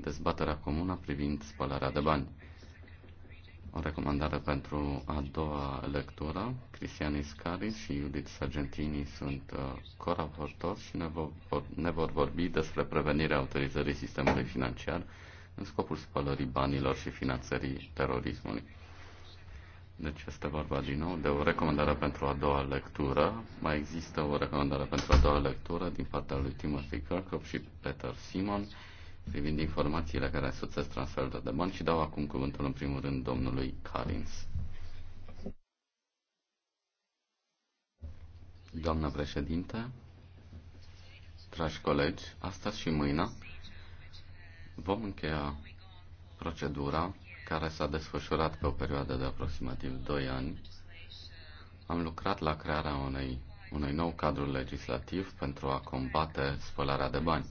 dezbaterea comună privind spălarea de bani. O recomandare pentru a doua lectură. Cristian Iscari și Judith Sargentini sunt uh, coraportori și ne vor, ne vor vorbi despre prevenirea autorizării sistemului financiar în scopul spălării banilor și finanțării terorismului. Deci este vorba din nou de o recomandare pentru a doua lectură. Mai există o recomandare pentru a doua lectură din partea lui Timothy Kirkhope și Peter Simon privind informațiile care asociază transferul de bani și dau acum cuvântul în primul rând domnului Carins. Doamnă președinte, dragi colegi, astăzi și mâine vom încheia procedura care s-a desfășurat pe o perioadă de aproximativ 2 ani. Am lucrat la crearea unei, unui nou cadru legislativ pentru a combate spălarea de bani.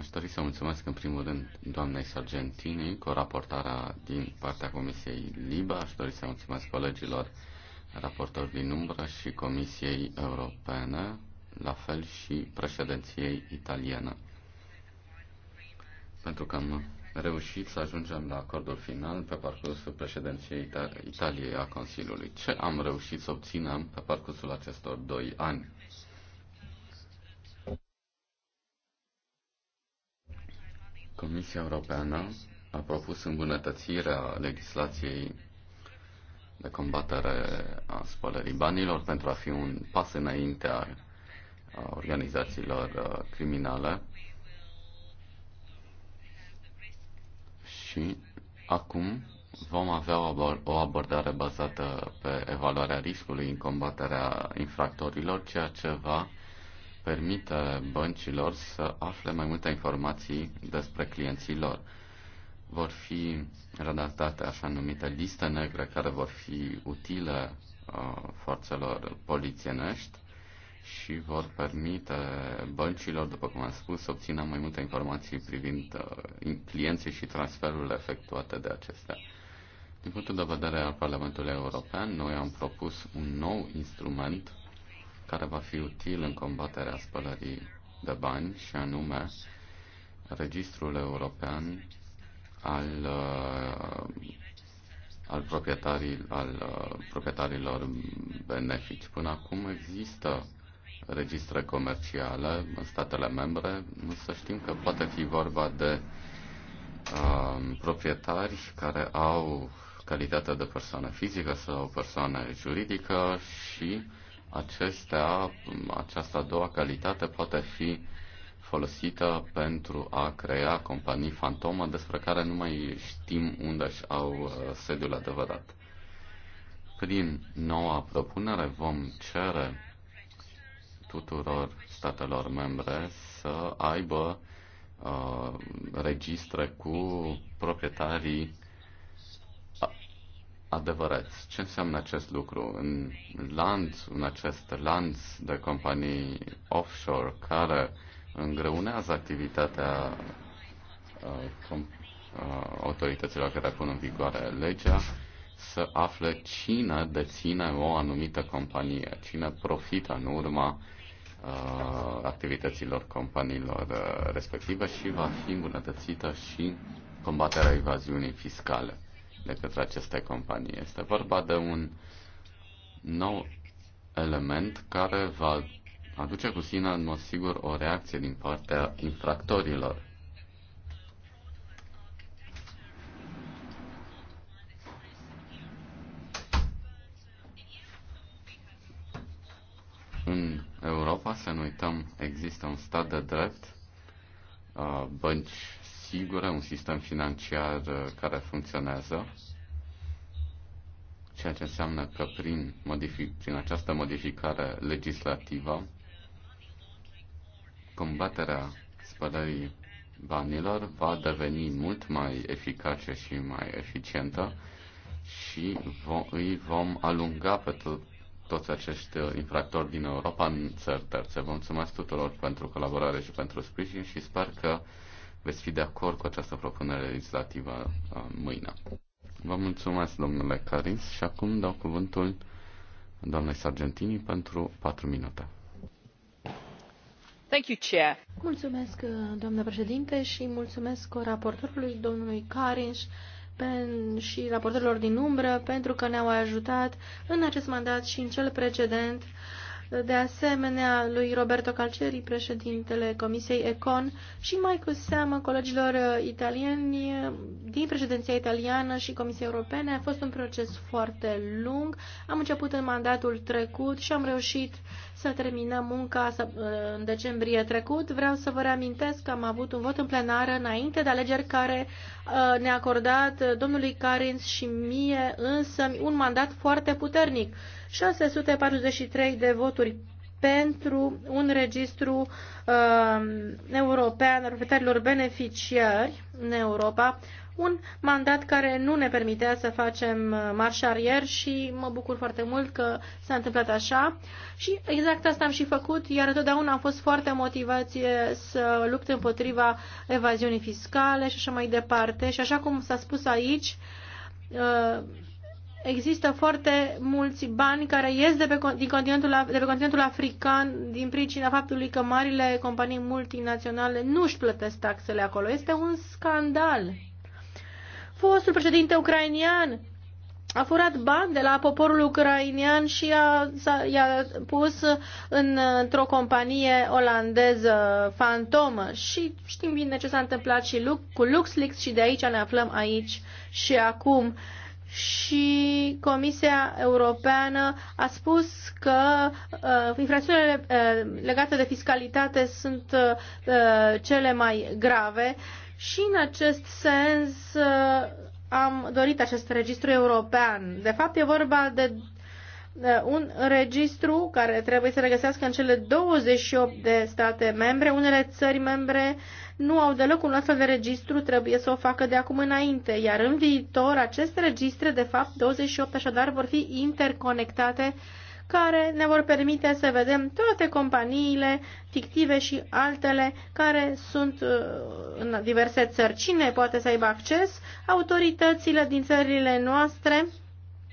Aș dori să mulțumesc în primul rând doamnei Sargentini cu raportarea din partea Comisiei LIBA. Aș dori să mulțumesc colegilor raportori din umbră și Comisiei Europene, la fel și președinției italiene. Pentru că am reușit să ajungem la acordul final pe parcursul președinției Italiei a Consiliului. Ce am reușit să obținem pe parcursul acestor doi ani? Comisia Europeană a propus îmbunătățirea legislației de combatere a spălării banilor pentru a fi un pas înainte a organizațiilor criminale și acum vom avea o abordare bazată pe evaluarea riscului în combaterea infractorilor, ceea ce va permite băncilor să afle mai multe informații despre clienții lor. Vor fi redactate așa numite liste negre care vor fi utile uh, forțelor polițienești și vor permite băncilor, după cum am spus, să obțină mai multe informații privind uh, clienții și transferurile efectuate de acestea. Din punctul de vedere al Parlamentului European, noi am propus un nou instrument care va fi util în combaterea spălării de bani și anume Registrul European al, uh, al, proprietarii, al uh, proprietarilor benefici. Până acum există registre comerciale în statele membre, însă știm că poate fi vorba de uh, proprietari care au calitatea de persoană fizică sau persoană juridică și acestea, această a doua calitate poate fi folosită pentru a crea companii fantomă despre care nu mai știm unde își au uh, sediul adevărat. Prin noua propunere vom cere tuturor statelor membre să aibă uh, registre cu proprietarii adevărați. Ce înseamnă acest lucru? În lanț, în acest lanț de companii offshore care îngreunează activitatea uh, uh, autorităților care pun în vigoare legea, să afle cine deține o anumită companie, cine profită în urma uh, activităților companiilor uh, respective și va fi îmbunătățită și combaterea evaziunii fiscale de către aceste companii. Este vorba de un nou element care va aduce cu sine, în mod sigur, o reacție din partea infractorilor. În Europa, să nu uităm, există un stat de drept, uh, bănci sigură, un sistem financiar uh, care funcționează, ceea ce înseamnă că prin, modific- prin această modificare legislativă, combaterea spălării banilor va deveni mult mai eficace și mai eficientă și vom, îi vom alunga pe tot, toți acești uh, infractori din Europa în țări terțe. Vă mulțumesc tuturor pentru colaborare și pentru sprijin și sper că veți fi de acord cu această propunere legislativă uh, mâine. Vă mulțumesc, domnule Caris, și acum dau cuvântul doamnei Sargentini pentru 4 minute. Thank you, Chair. Mulțumesc, uh, doamnă președinte, și mulțumesc raportorului domnului Carinș și raportorilor din umbră pentru că ne-au ajutat în acest mandat și în cel precedent uh, de asemenea lui Roberto Calceri, președintele Comisiei Econ și mai cu seamă colegilor uh, italieni din președinția italiană și Comisia Europene. A fost un proces foarte lung. Am început în mandatul trecut și am reușit să terminăm munca uh, în decembrie trecut. Vreau să vă reamintesc că am avut un vot în plenară înainte de alegeri care uh, ne-a acordat domnului Carins și mie însă un mandat foarte puternic 643 de voturi pentru un registru uh, european al proprietarilor beneficiari în Europa, un mandat care nu ne permitea să facem uh, marș arier și mă bucur foarte mult că s-a întâmplat așa și exact asta am și făcut, iar întotdeauna am fost foarte motivație să lupt împotriva evaziunii fiscale și așa mai departe și așa cum s-a spus aici, uh, există foarte mulți bani care ies de pe, din continentul, de pe continentul african din pricina faptului că marile companii multinaționale nu își plătesc taxele acolo. Este un scandal. Fostul președinte ucrainian a furat bani de la poporul ucrainian și a, i-a pus în, într-o companie olandeză fantomă. Și știm bine ce s-a întâmplat și cu LuxLeaks și de aici ne aflăm aici și acum. Uh, și Comisia Europeană a spus că uh, infracțiunile uh, legate de fiscalitate sunt uh, uh, cele mai grave și în acest sens uh, am dorit acest registru european. De fapt, e vorba de uh, un registru care trebuie să regăsească în cele 28 de state membre. Unele țări membre uh, nu au deloc un astfel de registru, trebuie să o facă de acum înainte, iar în viitor aceste registre, de fapt 28 așadar, vor fi interconectate care ne vor permite să vedem toate companiile fictive și altele care sunt uh, în diverse țări. Cine poate să aibă acces? Autoritățile din țările noastre,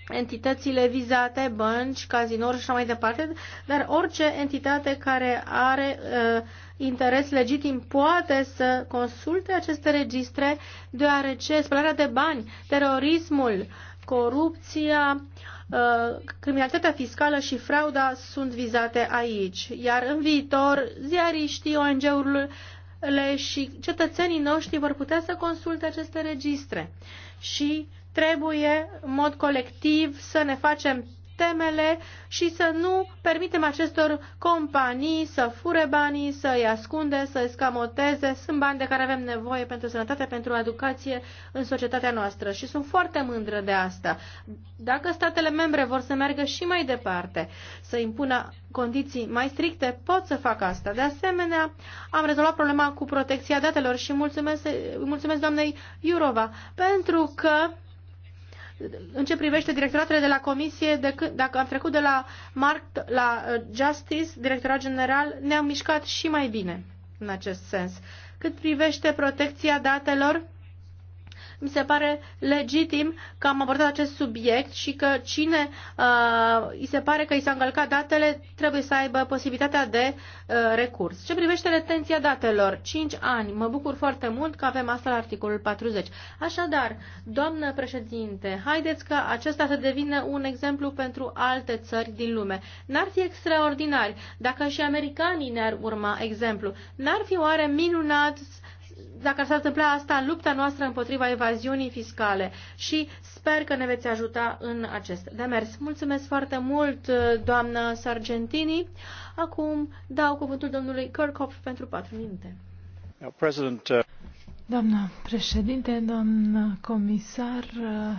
entitățile vizate, bănci, cazinouri și așa mai departe, dar orice entitate care are uh, interes legitim poate să consulte aceste registre, deoarece spălarea de bani, terorismul, corupția, uh, criminalitatea fiscală și frauda sunt vizate aici. Iar în viitor, ziariștii, ONG-urile și cetățenii noștri vor putea să consulte aceste registre. Și trebuie, în mod colectiv, să ne facem temele și să nu permitem acestor companii să fure banii, să îi ascunde, să îi scamoteze. Sunt bani de care avem nevoie pentru sănătate, pentru educație în societatea noastră și sunt foarte mândră de asta. Dacă statele membre vor să meargă și mai departe, să impună condiții mai stricte, pot să fac asta. De asemenea, am rezolvat problema cu protecția datelor și mulțumesc, mulțumesc doamnei Iurova pentru că în ce privește directoratele de la Comisie, de când, dacă am trecut de la Markt la uh, Justice, directorat general, ne-am mișcat și mai bine în acest sens. Cât privește protecția datelor, mi se pare legitim că am abordat acest subiect și că cine uh, îi se pare că i s-au încălcat datele trebuie să aibă posibilitatea de uh, recurs. Ce privește retenția datelor, 5 ani, mă bucur foarte mult că avem asta la articolul 40. Așadar, doamnă președinte, haideți că acesta să devină un exemplu pentru alte țări din lume. N-ar fi extraordinar dacă și americanii ne-ar urma exemplu. N-ar fi oare minunat uh, dacă s-ar întâmpla asta, lupta noastră împotriva evaziunii fiscale și sper că ne veți ajuta în acest demers. Mulțumesc foarte mult, doamnă Sargentini. Acum dau cuvântul domnului Kirchhoff pentru patru minute. Uh, doamnă președinte, doamnă comisar, uh,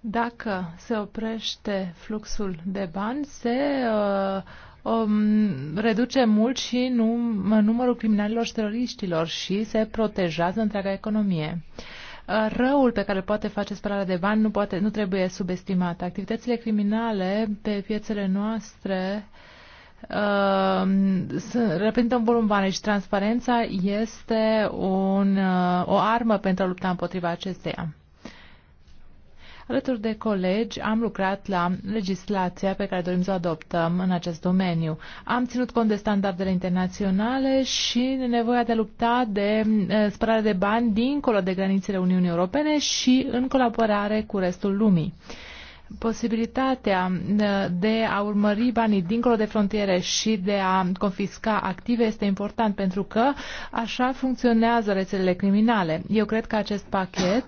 dacă se oprește fluxul de bani, se uh, Um, reduce mult și num, numărul criminalilor și teroriștilor și se protejează întreaga economie. Uh, răul pe care poate face spălarea de bani nu, poate, nu trebuie subestimat. Activitățile criminale pe piețele noastre uh, reprezintă un volum bani și transparența este un, uh, o armă pentru a lupta împotriva acesteia. Alături de colegi am lucrat la legislația pe care dorim să o adoptăm în acest domeniu. Am ținut cont de standardele internaționale și nevoia de a lupta de eh, spălare de bani dincolo de granițele Uniunii Europene și în colaborare cu restul lumii posibilitatea eh, de a urmări banii dincolo de frontiere și de a confisca active este important pentru că așa funcționează rețelele criminale. Eu cred că acest pachet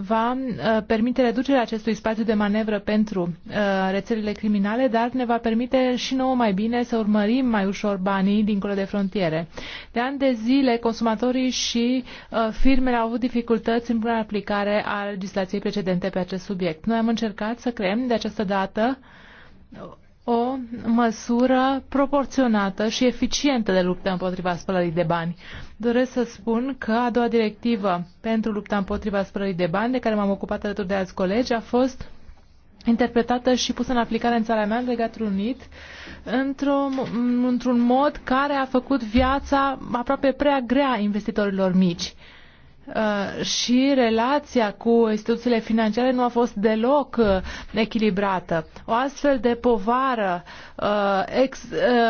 va uh, permite reducerea acestui spațiu de manevră pentru uh, rețelele criminale, dar ne va permite și nouă mai bine să urmărim mai ușor banii dincolo de frontiere. De ani de zile, consumatorii și uh, firmele au avut dificultăți în punerea aplicare a legislației precedente pe acest subiect. Noi am încercat să creăm de această dată o măsură proporționată și eficientă de luptă împotriva spălării de bani. Doresc să spun că a doua directivă pentru lupta împotriva spălării de bani, de care m-am ocupat alături de alți colegi, a fost interpretată și pusă în aplicare în țara mea, în Regatul Unit, într-un, într-un mod care a făcut viața aproape prea grea investitorilor mici. Uh, Uh, și relația cu instituțiile financiare nu a fost deloc uh, echilibrată. O astfel de povară uh, ex,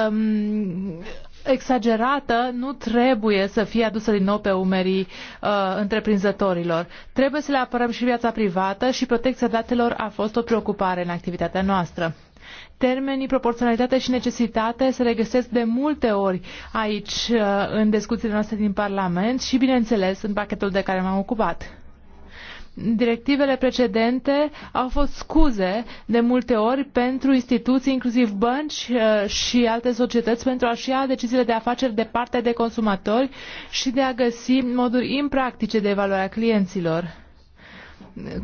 um, exagerată nu trebuie să fie adusă din nou pe umerii uh, întreprinzătorilor. Trebuie să le apărăm și viața privată și protecția datelor a fost o preocupare în activitatea noastră. Termenii proporționalitate și necesitate se regăsesc de multe ori aici uh, în discuțiile noastre din Parlament și, bineînțeles, în pachetul de care m-am ocupat. Directivele precedente au fost scuze de multe ori pentru instituții, inclusiv bănci uh, și alte societăți, pentru a-și ia deciziile de afaceri de parte de consumatori și de a găsi moduri impractice de evaluare a clienților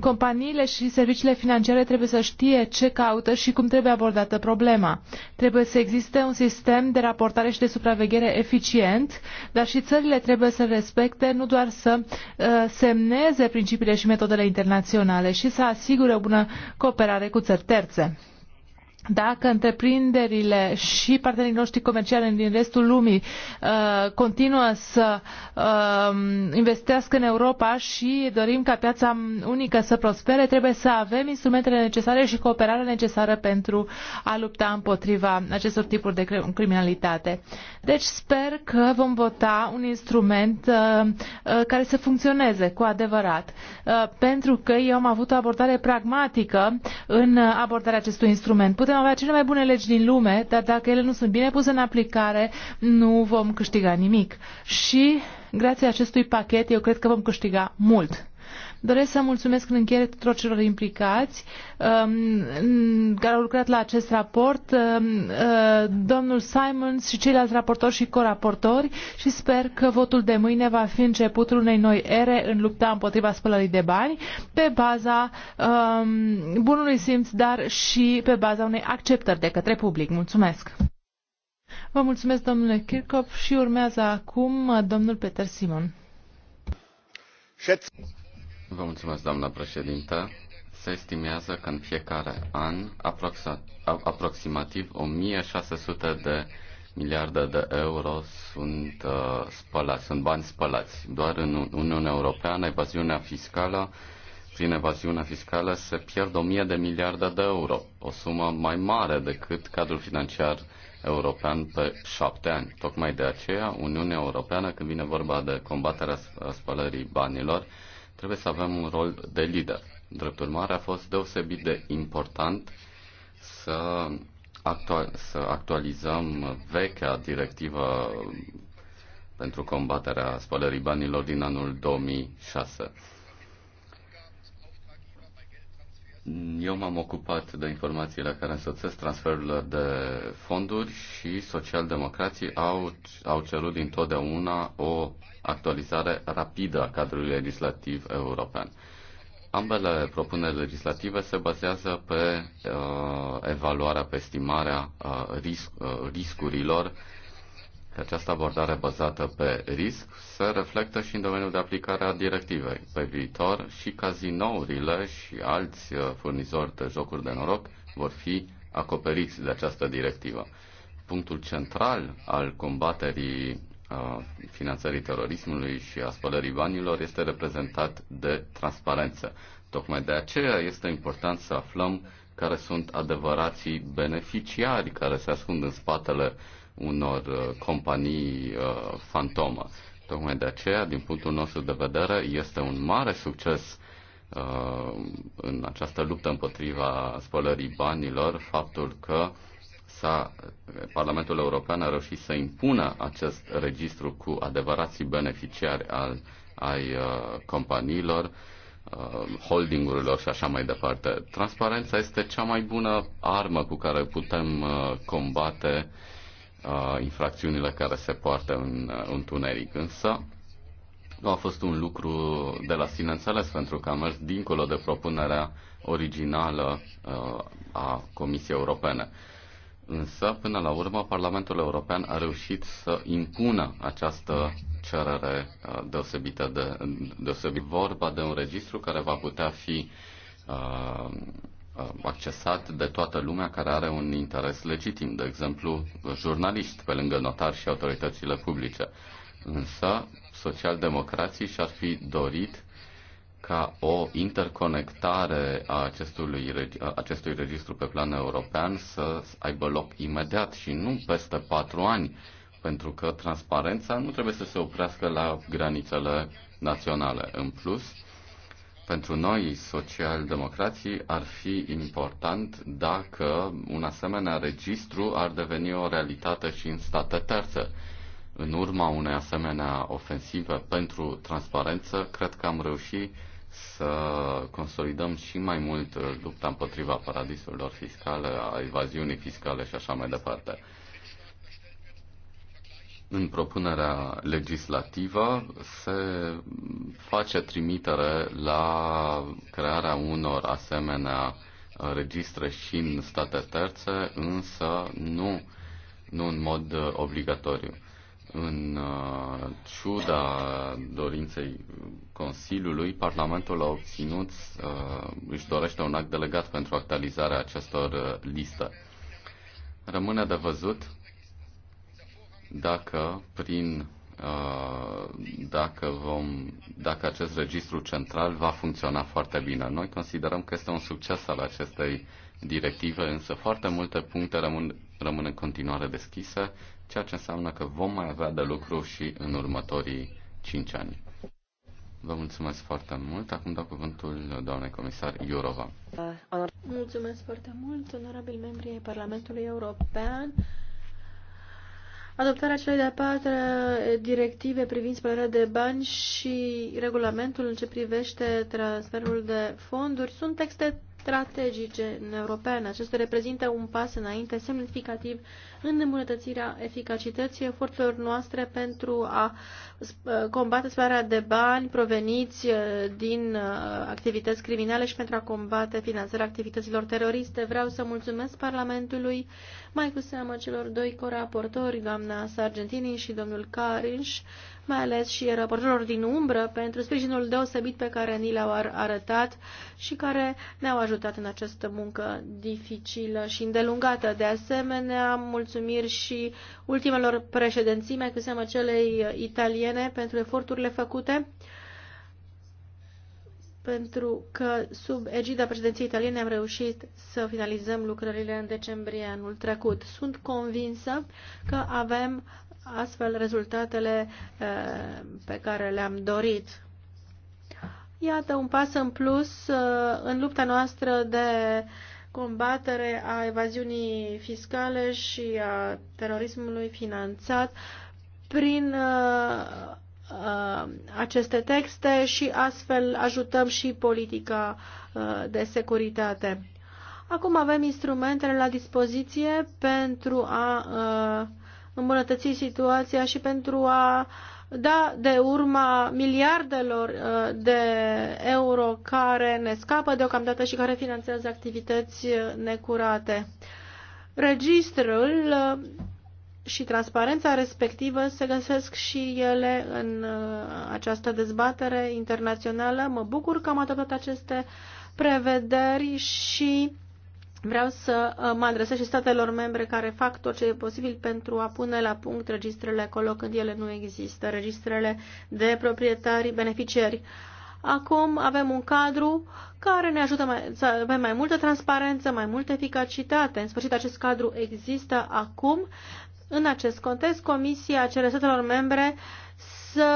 companiile și serviciile financiare trebuie să știe ce caută și cum trebuie abordată problema. Trebuie să existe un sistem de raportare și de supraveghere eficient, dar și țările trebuie să respecte, nu doar să uh, semneze principiile și metodele internaționale și să asigure o bună cooperare cu țări terțe dacă întreprinderile și partenerii noștri comerciali din restul lumii uh, continuă să uh, investească în Europa și dorim ca piața unică să prospere, trebuie să avem instrumentele necesare și cooperarea necesară pentru a lupta împotriva acestor tipuri de criminalitate. Deci sper că vom vota un instrument uh, uh, care să funcționeze cu adevărat, uh, pentru că eu am avut o abordare pragmatică în abordarea acestui instrument. Putem putem avea cele mai bune legi din lume, dar dacă ele nu sunt bine puse în aplicare, nu vom câștiga nimic. Și grație acestui pachet, eu cred că vom câștiga mult. Doresc să mulțumesc în încheiere tuturor celor implicați um, care au lucrat la acest raport, um, uh, domnul Simons și ceilalți raportori și coraportori și sper că votul de mâine va fi începutul unei noi ere în lupta împotriva spălării de bani pe baza um, bunului simț, dar și pe baza unei acceptări de către public. Mulțumesc! Vă mulțumesc, domnule Kirchhoff, și urmează acum uh, domnul Peter Simon. Vă mulțumesc, doamna președintă. Se estimează că în fiecare an aproximativ 1600 de miliarde de euro sunt uh, spălați, sunt bani spălați. Doar în Uniunea Europeană, evaziunea fiscală, prin evaziunea fiscală se pierd 1000 de miliarde de euro, o sumă mai mare decât cadrul financiar european pe șapte ani. Tocmai de aceea, Uniunea Europeană, când vine vorba de combaterea spălării banilor, trebuie să avem un rol de lider. Drept urmare, a fost deosebit de important să, actual, să actualizăm vechea directivă pentru combaterea spălării banilor din anul 2006. Eu m-am ocupat de informațiile care însoțesc transferurile de fonduri și socialdemocrații au, au cerut dintotdeauna o actualizare rapidă a cadrului legislativ european. Ambele propuneri legislative se bazează pe uh, evaluarea, pe estimarea uh, risc, uh, riscurilor. Această abordare bazată pe risc se reflectă și în domeniul de aplicare a directivei. Pe viitor și cazinourile și alți uh, furnizori de jocuri de noroc vor fi acoperiți de această directivă. Punctul central al combaterii finanțării terorismului și a spălării banilor este reprezentat de transparență. Tocmai de aceea este important să aflăm care sunt adevărații beneficiari care se ascund în spatele unor uh, companii uh, fantomă. Tocmai de aceea, din punctul nostru de vedere, este un mare succes uh, în această luptă împotriva spălării banilor faptul că uh, s-a, Parlamentul European a reușit să impună acest registru cu adevărații beneficiari al, ai uh, companiilor, uh, holdingurilor și așa mai departe. Transparența este cea mai bună armă cu care putem uh, combate uh, infracțiunile care se poartă în, uh, în tuneric. Însă, nu a fost un lucru de la sine înțeles, pentru că a mers dincolo de propunerea originală uh, a Comisiei Europene. Însă, până la urmă, Parlamentul European a reușit să impună această cerere uh, deosebită de, deosebit vorba de un registru care va putea fi uh, uh, accesat de toată lumea care are un interes legitim, de exemplu jurnaliști, pe lângă notari și autoritățile publice. Însă, socialdemocrații și-ar fi dorit ca o interconectare a acestui, acestui registru pe plan european să aibă loc imediat și nu peste patru ani, pentru că transparența nu trebuie să se oprească la granițele naționale. În plus, pentru noi, socialdemocrații, ar fi important dacă un asemenea registru ar deveni o realitate și în state terțe. În urma unei asemenea ofensive pentru transparență, cred că am reușit să consolidăm și mai mult uh, lupta împotriva paradisurilor fiscale, a evaziunii fiscale și așa mai departe. În propunerea legislativă se face trimitere la crearea unor asemenea uh, registre și în state terțe, însă nu, nu în mod uh, obligatoriu. În uh, ciuda dorinței Consiliului, Parlamentul a obținut, uh, își dorește un act delegat pentru actualizarea acestor uh, liste. Rămâne de văzut dacă prin dacă, vom, dacă acest registru central va funcționa foarte bine. Noi considerăm că este un succes al acestei directive, însă foarte multe puncte rămân, rămân în continuare deschise ceea ce înseamnă că vom mai avea de lucru și în următorii 5 ani. Vă mulțumesc foarte mult. Acum dau cuvântul doamnei comisar Iurova. Mulțumesc foarte mult, onorabil membri ai Parlamentului European. Adoptarea celei de-a patra directive privind spălarea de bani și regulamentul în ce privește transferul de fonduri sunt texte strategice în europeană. Acestea reprezintă un pas înainte semnificativ în îmbunătățirea eficacității eforturilor noastre pentru a uh, combate spălarea de bani proveniți uh, din uh, activități criminale și pentru a combate finanțarea activităților teroriste. Vreau să mulțumesc Parlamentului, mai cu seamă celor doi coraportori, doamna Sargentini și domnul Carinș, mai ales și raportorilor din umbră, pentru sprijinul deosebit pe care ni l-au arătat și care ne-au ajutat în această muncă dificilă și îndelungată. De asemenea, mulțumesc mulțumiri și ultimelor președinții, mai cu seamă celei italiene, pentru eforturile făcute, pentru că sub egida președinției italiene am reușit să finalizăm lucrările în decembrie anul trecut. Sunt convinsă că avem astfel rezultatele eh, pe care le-am dorit. Iată un pas în plus eh, în lupta noastră de combatere a evaziunii fiscale și a terorismului finanțat prin uh, uh, aceste texte și astfel ajutăm și politica uh, de securitate. Acum avem instrumentele la dispoziție pentru a îmbunătăți situația și pentru a da de urma miliardelor uh, de euro care ne scapă deocamdată și care finanțează activități necurate. Registrul uh, și transparența respectivă se găsesc și ele în uh, această dezbatere internațională. Mă bucur că am adoptat aceste prevederi și Vreau să uh, mă adresez și statelor membre care fac tot ce e posibil pentru a pune la punct registrele acolo când ele nu există, registrele de proprietari beneficiari. Acum avem un cadru care ne ajută mai, să avem mai multă transparență, mai multă eficacitate. În sfârșit, acest cadru există acum. În acest context, Comisia cere statelor membre să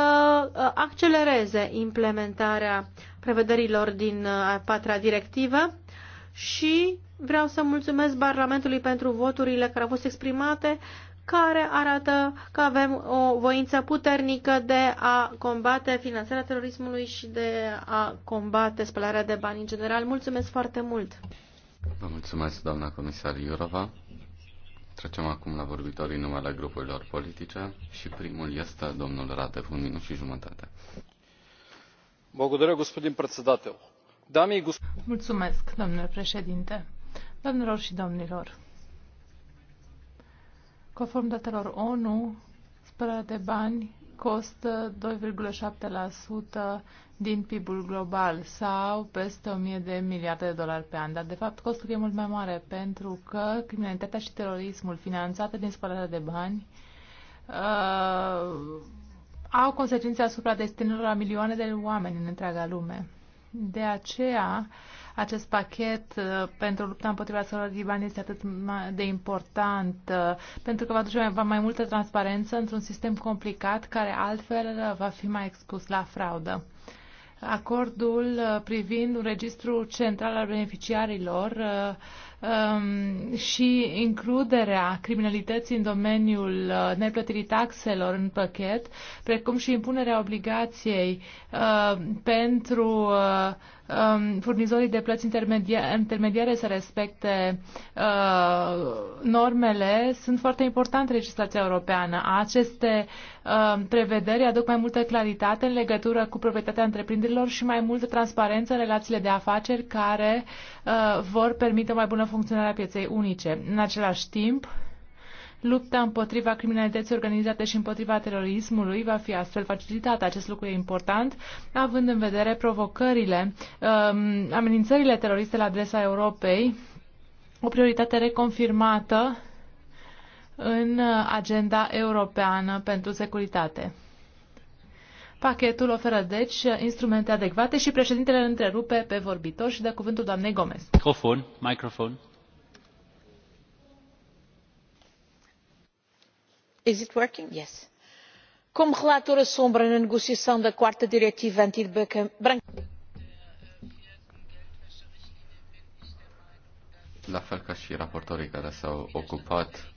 uh, accelereze implementarea prevederilor din uh, a patra directivă și vreau să mulțumesc Parlamentului pentru voturile care au fost exprimate, care arată că avem o voință puternică de a combate finanțarea terorismului și de a combate spălarea de bani în general. Mulțumesc foarte mult! Vă mulțumesc, doamna comisar Iurova. Trecem acum la vorbitorii numele grupurilor politice și primul este domnul Radev, un minut și jumătate. Mulțumesc, domnul Președinte. Mulțumesc, domnule președinte. Doamnelor și domnilor, conform datelor ONU, spălarea de bani costă 2,7% din PIB-ul global sau peste mie de miliarde de dolari pe an. Dar, de fapt, costul e mult mai mare pentru că criminalitatea și terorismul finanțate din spălarea de bani uh, au consecințe asupra destinurilor a milioane de oameni în întreaga lume. De aceea, acest pachet uh, pentru lupta împotriva sărăciei de bani este atât de important, uh, pentru că va duce mai, mai multă transparență într-un sistem complicat care altfel va fi mai expus la fraudă acordul uh, privind un registru central al beneficiarilor uh, um, și includerea criminalității în domeniul uh, neplătirii taxelor în pachet, precum și impunerea obligației pentru um, furnizorii de plăți intermediare, intermediare să respecte uh, normele, sunt foarte importante legislația europeană. Aceste uh, prevederi aduc mai multă claritate în legătură cu proprietatea întreprinderilor și mai multă transparență în relațiile de afaceri care uh, vor permite mai bună funcționare a pieței unice. În același timp, Lupta împotriva criminalității organizate și împotriva terorismului va fi astfel facilitată. Acest lucru e important, având în vedere provocările, um, amenințările teroriste la adresa Europei, o prioritate reconfirmată în agenda europeană pentru securitate. Pachetul oferă, deci, instrumente adecvate și președintele întrerupe pe vorbitor și dă cuvântul doamnei Gomez. Microfon, microfon. como relatora sombra na negociação da quarta diretiva anti la fel și care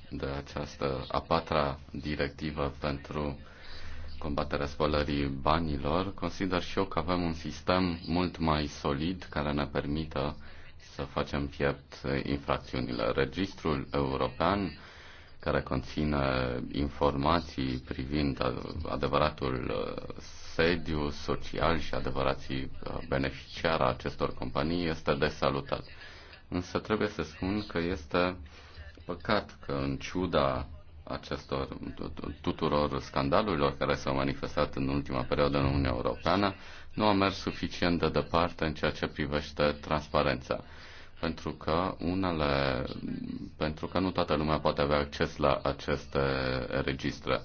de această a patra directivă pentru banilor, consider și eu că avem un sistem mult mai solid care ne permite să facem piept infracțiunile. Registrul european care conține informații privind adevăratul uh, sediu social și adevărații uh, beneficiari a acestor companii este de salutat. Însă trebuie să spun că este păcat că în ciuda acestor tuturor scandalurilor care s-au manifestat în ultima perioadă în Uniunea Europeană, nu a mers suficient de departe în ceea ce privește transparența pentru că unele, pentru că nu toată lumea poate avea acces la aceste registre.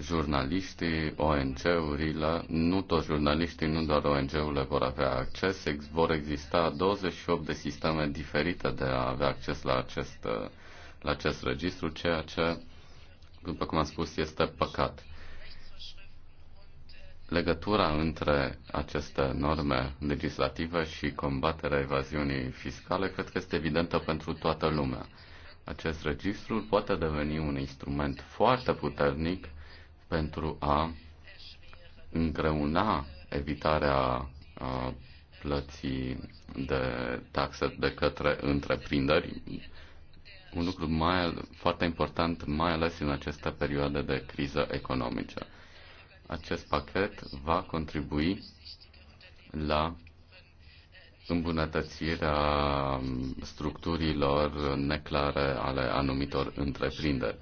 Jurnaliștii, ONG-urile, nu toți jurnaliștii, nu doar ONG-urile vor avea acces, vor exista 28 de sisteme diferite de a avea acces la acest, la acest registru, ceea ce, după cum am spus, este păcat. Legătura între aceste norme legislative și combaterea evaziunii fiscale cred că este evidentă pentru toată lumea. Acest registru poate deveni un instrument foarte puternic pentru a îngreuna evitarea plății de taxe de către întreprinderi. Un lucru mai, foarte important, mai ales în aceste perioade de criză economică. Acest pachet va contribui la îmbunătățirea structurilor neclare ale anumitor întreprinderi.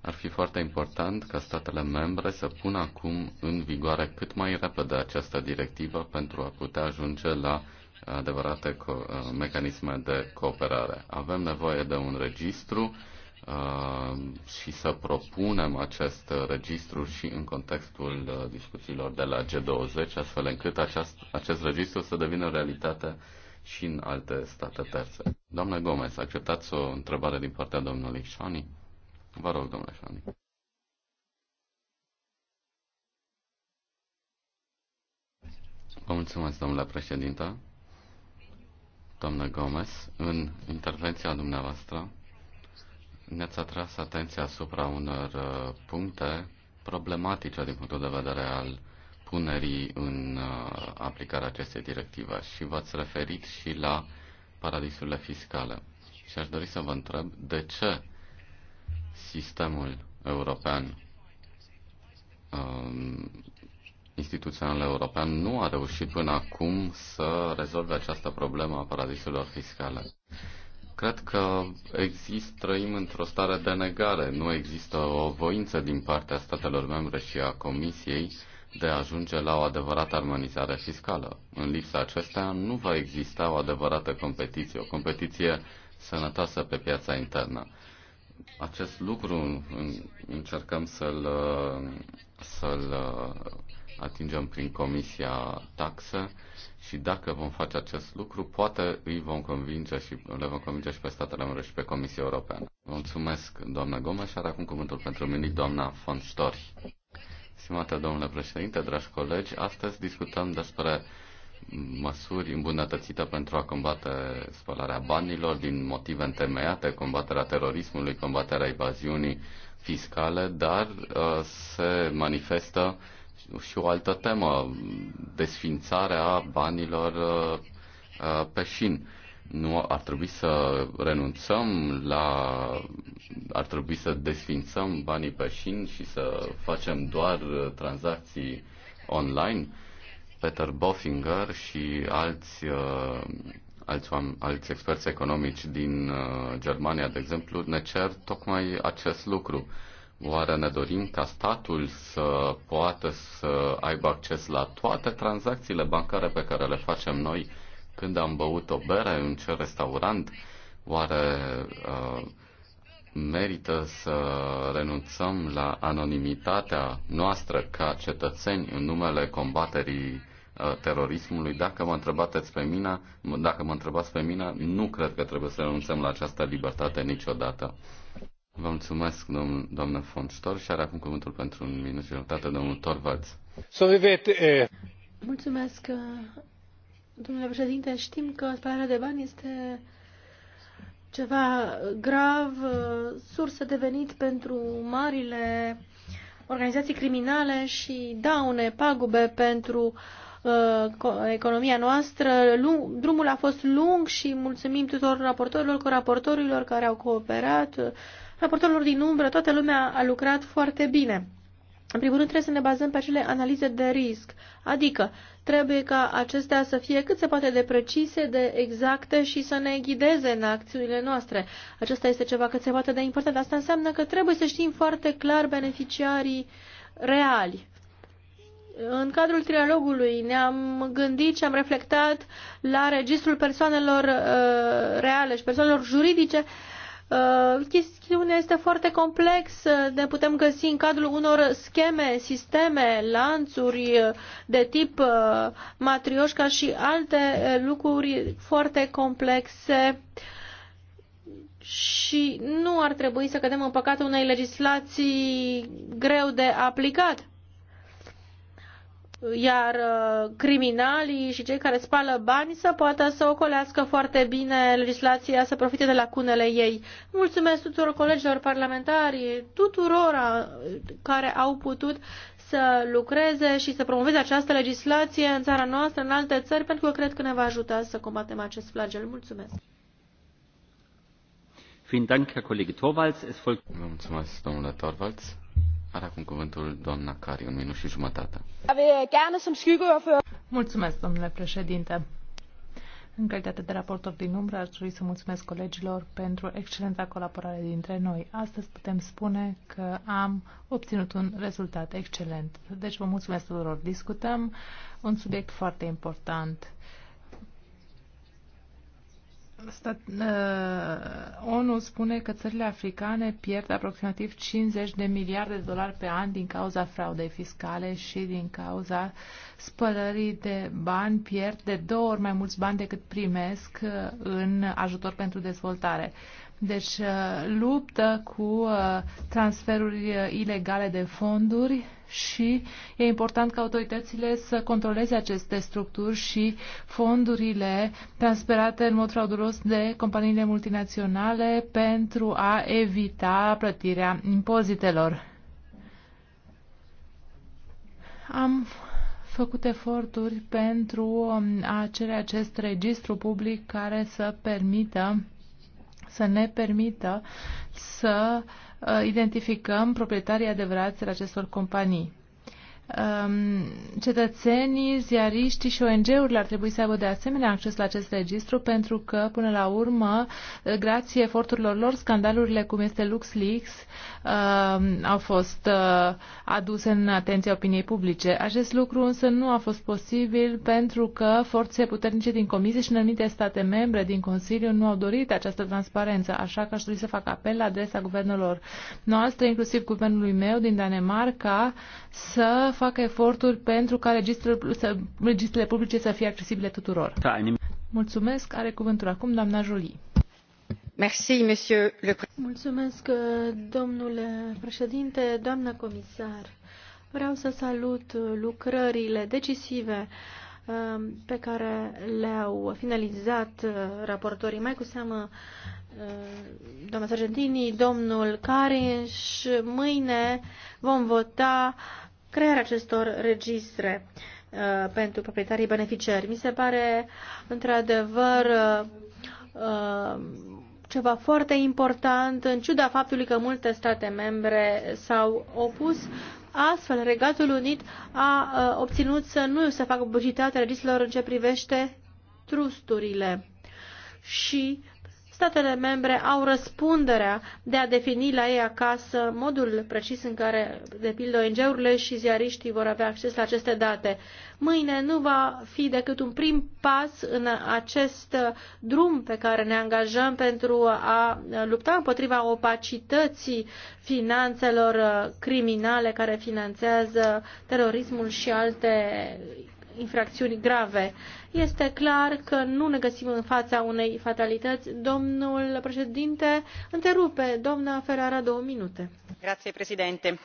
Ar fi foarte important ca statele membre să pună acum în vigoare cât mai repede această directivă pentru a putea ajunge la adevărate mecanisme de cooperare. Avem nevoie de un registru Uh, și să propunem acest registru și în contextul uh, discuțiilor de la G20, astfel încât aceast, acest registru să devină realitate și în alte state terțe. Doamne Gomez, acceptați o întrebare din partea domnului Șani? Vă rog, domnule Șani. Vă mulțumesc, domnule președinte. domnule Gomez, în intervenția dumneavoastră, ne-ați atras atenția asupra unor uh, puncte problematice din punctul de vedere al punerii în uh, aplicarea acestei directive și v-ați referit și la paradisurile fiscale. Și aș dori să vă întreb de ce sistemul european, um, instituțional european, nu a reușit până acum să rezolve această problemă a paradisurilor fiscale. Cred că există, trăim într-o stare de negare. Nu există o voință din partea statelor membre și a Comisiei de a ajunge la o adevărată armonizare fiscală. În lipsa acestea nu va exista o adevărată competiție, o competiție sănătoasă pe piața internă. Acest lucru încercăm să-l, să-l uh, atingem prin Comisia Taxe și dacă vom face acest lucru, poate îi vom convinge și le vom convinge și pe statele membre și pe Comisia Europeană. mulțumesc, doamna Gomes, și are acum cuvântul pentru mine, doamna von Stori. Stimate domnule președinte, dragi colegi, astăzi discutăm despre măsuri îmbunătățite pentru a combate spălarea banilor din motive întemeiate, combaterea terorismului, combaterea evaziunii fiscale, dar uh, se manifestă uh, și o altă temă, desfințarea banilor uh, uh, pe șin. Nu ar trebui să renunțăm la. ar trebui să desfințăm banii pe șin și să facem doar uh, tranzacții online. Peter Boffinger și alți, uh, alți, oameni, alți experți economici din uh, Germania, de exemplu, ne cer tocmai acest lucru. Uh, Oare ne dorim ca statul să poată să aibă acces la toate tranzacțiile bancare pe care le facem noi când am băut o bere în ce restaurant? Oare uh, merită să renunțăm la anonimitatea noastră ca cetățeni în numele combaterii uh, terorismului. Dacă mă întrebați pe mine, dacă mă întrebați pe mine, nu cred că trebuie să renunțăm la această libertate niciodată. Vă mulțumesc, domn, doamnă von Stor, și are acum cuvântul pentru un minut și jumătate, domnul Torvalds. Mulțumesc, domnule președinte. Știm că spălarea de bani este ceva grav, sursă de venit pentru marile organizații criminale și daune, pagube pentru uh, economia noastră. drumul a fost lung și mulțumim tuturor raportorilor, coraportorilor care au cooperat, raportorilor din umbră, toată lumea a lucrat foarte bine. În primul rând trebuie să ne bazăm pe acele analize de risc, adică trebuie ca acestea să fie cât se poate de precise, de exacte și să ne ghideze în acțiunile noastre. Acesta este ceva cât se poate de important. Asta înseamnă că trebuie să știm foarte clar beneficiarii reali. În cadrul trialogului ne-am gândit și am reflectat la registrul persoanelor uh, reale și persoanelor juridice uh, Uh, chestiunea este foarte complexă, ne putem găsi în cadrul unor scheme, sisteme, lanțuri de tip uh, matrioșca și alte uh, lucruri foarte complexe și nu ar trebui să cădem în păcatul unei legislații greu de aplicat iar uh, criminalii și cei care spală bani să poată să ocolească foarte bine legislația, să profite de lacunele ei. Mulțumesc tuturor colegilor parlamentari, tuturor uh, care au putut să lucreze și să promoveze această legislație în țara noastră, în alte țări, pentru că cred că ne va ajuta să combatem acest flagel. Mulțumesc! Vă mulțumesc, domnule Torvalds. Are acum cuvântul doamna Cari, un minut și jumătate. Mulțumesc, domnule președinte. În calitate de raportor din umbră, aș dori să mulțumesc colegilor pentru excelenta colaborare dintre noi. Astăzi putem spune că am obținut un rezultat excelent. Deci vă mulțumesc tuturor. Discutăm un subiect foarte important Stat, uh, ONU spune că țările africane pierd aproximativ 50 de miliarde de dolari pe an din cauza fraudei fiscale și din cauza spălării de bani. Pierd de două ori mai mulți bani decât primesc uh, în ajutor pentru dezvoltare. Uh, deci uh, luptă cu uh, transferuri uh, ilegale de fonduri și e important ca autoritățile să controleze aceste structuri și fondurile transferate în mod fraudulos de companiile multinaționale pentru a evita plătirea impozitelor. Am făcut eforturi pentru um, a cere acest registru public care să permită să ne permită să uh, identificăm proprietarii adevărați al acestor companii. Um, cetățenii, ziariștii și ONG-urile ar trebui să aibă de asemenea acces la acest registru pentru că, până la urmă, grație eforturilor lor, scandalurile cum este LuxLeaks um, au fost uh, aduse în atenția opiniei publice. Acest lucru însă nu a fost posibil pentru că forțe puternice din Comisie și în anumite state membre din Consiliu nu au dorit această transparență, așa că aș dori să fac apel la adresa guvernelor noastre, inclusiv guvernului meu din Danemarca, să facă eforturi pentru ca registrele publice să fie accesibile tuturor. Da, Mulțumesc. Are cuvântul acum doamna Jolie. Merci, le... Mulțumesc, domnule președinte, doamna comisar. Vreau să salut lucrările decisive um, pe care le-au finalizat raportorii, mai cu seamă um, doamna Sargentini, domnul Carinș. Mâine vom vota crearea acestor registre uh, pentru proprietarii beneficiari. Mi se pare, într-adevăr, uh, ceva foarte important, în ciuda faptului că multe state membre s-au opus. Astfel, Regatul Unit a uh, obținut să nu se facă publicitatea registrelor în ce privește trusturile. Și statele membre au răspunderea de a defini la ei acasă modul precis în care, de pildă, ONG-urile și ziariștii vor avea acces la aceste date. Mâine nu va fi decât un prim pas în acest drum pe care ne angajăm pentru a lupta împotriva opacității finanțelor criminale care finanțează terorismul și alte infracțiuni grave. Este clar că nu ne găsim în fața unei fatalități. Domnul președinte, întrerupe. Doamna Ferrara, două minute. Grație, președinte.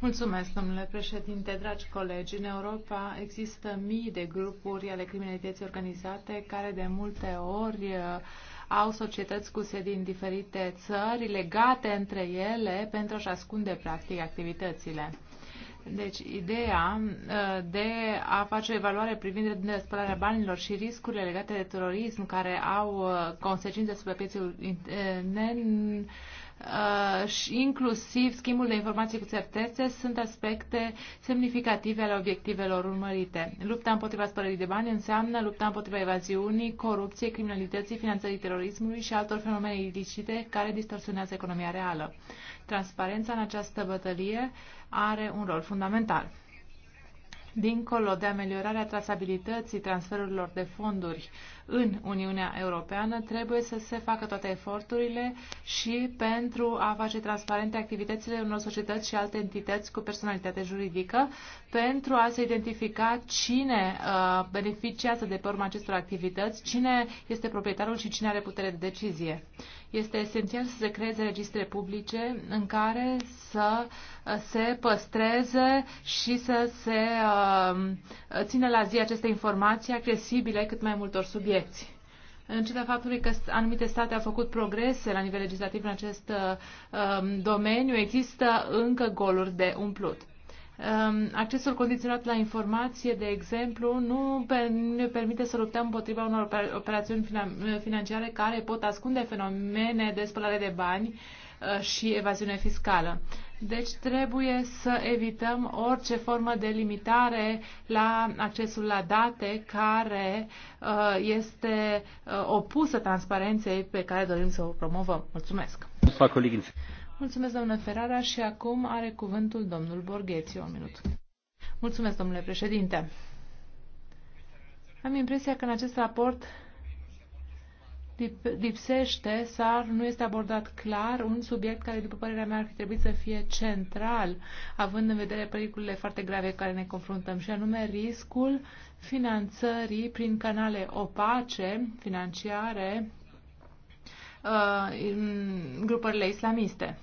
Mulțumesc, domnule președinte, dragi colegi. În Europa există mii de grupuri ale criminalității organizate care de multe ori uh, au societăți cu sedi în diferite țări legate între ele pentru a-și ascunde practic activitățile. Deci, ideea ă, de a face o evaluare privind spălarea banilor și riscurile legate de terorism care au ă, consecințe asupra pieței interne ă, și inclusiv schimbul de informații cu certețe sunt aspecte semnificative ale obiectivelor urmărite. Lupta împotriva spălării de bani înseamnă lupta împotriva evaziunii, corupției, criminalității, finanțării terorismului și altor fenomene ilicite care distorsionează economia reală. Transparența în această bătălie are un rol fundamental. Dincolo de ameliorarea trasabilității transferurilor de fonduri în Uniunea Europeană, trebuie să se facă toate eforturile și pentru a face transparente activitățile unor societăți și alte entități cu personalitate juridică, pentru a se identifica cine uh, beneficiază de pe urma acestor activități, cine este proprietarul și cine are putere de decizie. Este esențial să se creeze registre publice în care să uh, se păstreze și să se uh, țină la zi aceste informații accesibile cât mai multor subiecte obiecții. În ciuda faptului că anumite state au făcut progrese la nivel legislativ în acest uh, um, domeniu, există încă goluri de umplut. Um, accesul condiționat la informație, de exemplu, nu per, ne permite să luptăm împotriva unor operațiuni financiare care pot ascunde fenomene de spălare de bani uh, și evaziune fiscală. Uh, deci trebuie să evităm orice formă de limitare la accesul la date care uh, este uh, opusă transparenței pe care dorim să o promovăm. Mulțumesc! Mulțumesc, domnule Ferrara, și acum are cuvântul domnul Borghețiu. Un minut. Mulțumesc, domnule președinte. Am impresia că în acest raport lipsește sau nu este abordat clar un subiect care, după părerea mea, ar fi trebuit să fie central, având în vedere pericolele foarte grave care ne confruntăm, și anume riscul finanțării prin canale opace, financiare, uh, grupările islamiste.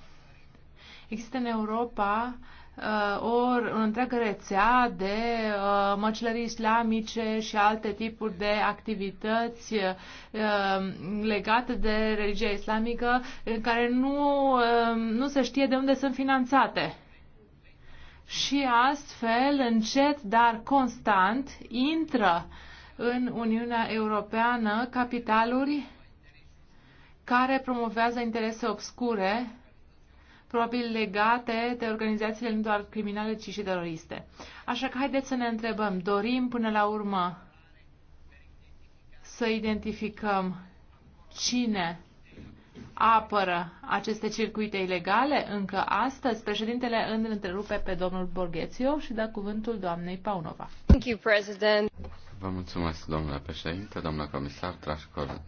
Există în Europa Uh, o întreagă rețea de uh, măcelării islamice și alte tipuri de activități uh, legate de religia islamică în care nu, nu se știe de unde sunt finanțate. Și astfel, încet, dar constant, intră în Uniunea Europeană capitaluri care promovează interese obscure probabil legate de organizațiile nu doar criminale, ci și teroriste. Așa că haideți să ne întrebăm, dorim până la urmă să identificăm cine apără aceste circuite ilegale? Încă astăzi, președintele îl întrerupe pe domnul Borghețiu și dă cuvântul doamnei Paunova. Thank you, President. Vă mulțumesc, domnule președinte, domnule comisar, dragi, co-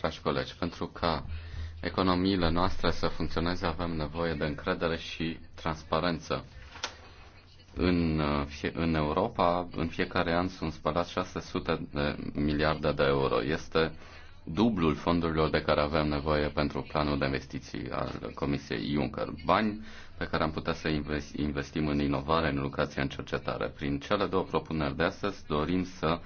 dragi colegi, pentru că economiile noastre să funcționeze, avem nevoie de încredere și transparență. În, în Europa, în fiecare an sunt spălați 600 de miliarde de euro. Este dublul fondurilor de care avem nevoie pentru planul de investiții al Comisiei Juncker. Bani pe care am putea să investim în inovare, în educație, în cercetare. Prin cele două propuneri de astăzi dorim să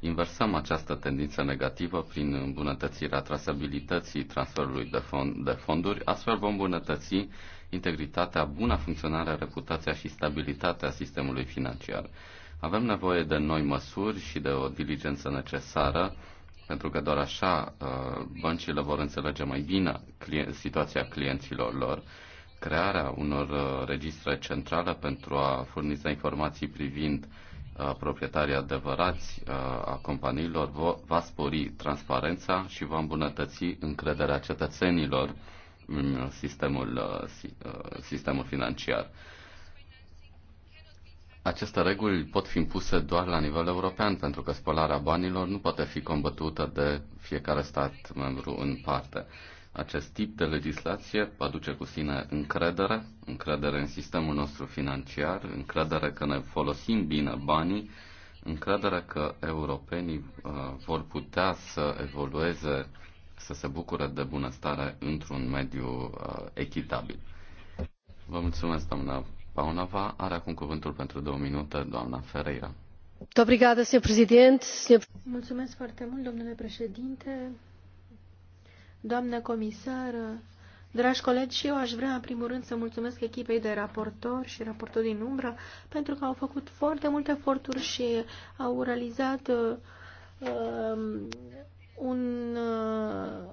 inversăm această tendință negativă prin îmbunătățirea trasabilității transferului de, fond, de fonduri, astfel vom îmbunătăți integritatea, buna funcționare, reputația și stabilitatea sistemului financiar. Avem nevoie de noi măsuri și de o diligență necesară, pentru că doar așa uh, băncile vor înțelege mai bine situația clienților lor crearea unor uh, registre centrale pentru a furniza informații privind proprietarii adevărați a companiilor va spori transparența și va îmbunătăți încrederea cetățenilor în uh, sistemul, uh, uh, sistemul financiar. Aceste reguli pot fi impuse doar la nivel european, pentru că spălarea banilor nu poate fi combătută de fiecare stat membru în parte. Acest tip de legislație aduce cu sine încredere, încredere în sistemul nostru financiar, încredere că ne folosim bine banii, încredere că europenii uh, vor putea să evolueze, să se bucure de bunăstare într-un mediu uh, echitabil. Vă mulțumesc, doamna Paunava. Are acum cuvântul pentru două minute, doamna Ferreira. Mulțumesc foarte mult, domnule președinte, doamnă comisar, dragi colegi, și eu aș vrea în primul rând să mulțumesc echipei de raportori și raportori din umbră pentru că au făcut foarte multe eforturi și au realizat uh, um, un uh,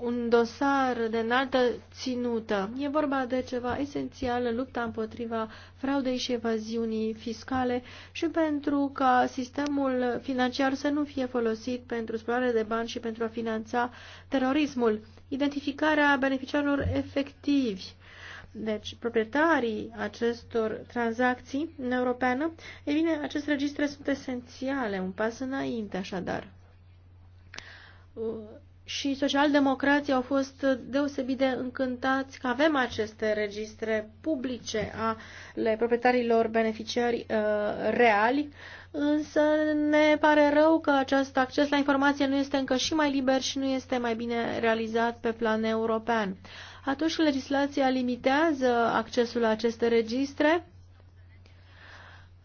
un dosar de înaltă ținută. E vorba de ceva esențial în lupta împotriva fraudei și evaziunii fiscale și pentru ca sistemul financiar să nu fie folosit pentru spălare de bani și pentru a finanța terorismul. Identificarea beneficiarilor efectivi. Deci, proprietarii acestor tranzacții în europeană, e bine, aceste registre sunt esențiale, un pas înainte, așadar și socialdemocrații au fost deosebit de încântați că avem aceste registre publice ale proprietarilor beneficiari uh, reali, însă ne pare rău că acest acces la informație nu este încă și mai liber și nu este mai bine realizat pe plan european. Atunci când legislația limitează accesul la aceste registre,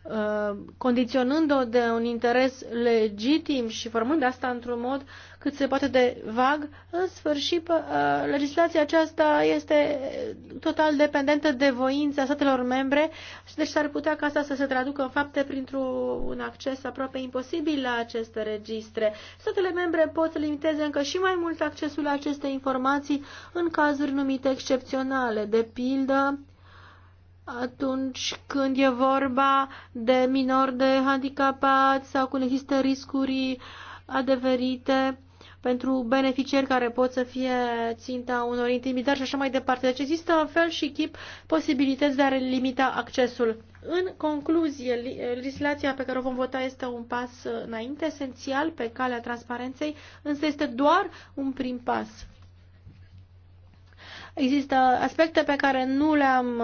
uh, condiționând-o de un interes legitim și formând asta într-un mod uh, cât se poate de vag. În sfârșit, ă, legislația aceasta este total dependentă de voința statelor membre, și deci s-ar putea ca asta să se traducă în fapte printr-un acces aproape imposibil la aceste registre. Statele membre pot să limiteze încă și mai mult accesul la aceste informații în cazuri numite excepționale, de pildă atunci când e vorba de minori de handicapat sau când există riscuri adeverite pentru beneficieri care pot să fie ținta unor intimidări și așa mai departe. Deci există în fel și chip posibilități de a limita accesul. În concluzie, legislația pe care o vom vota este un pas înainte, esențial pe calea transparenței, însă este doar un prim pas. Există aspecte pe care nu le-am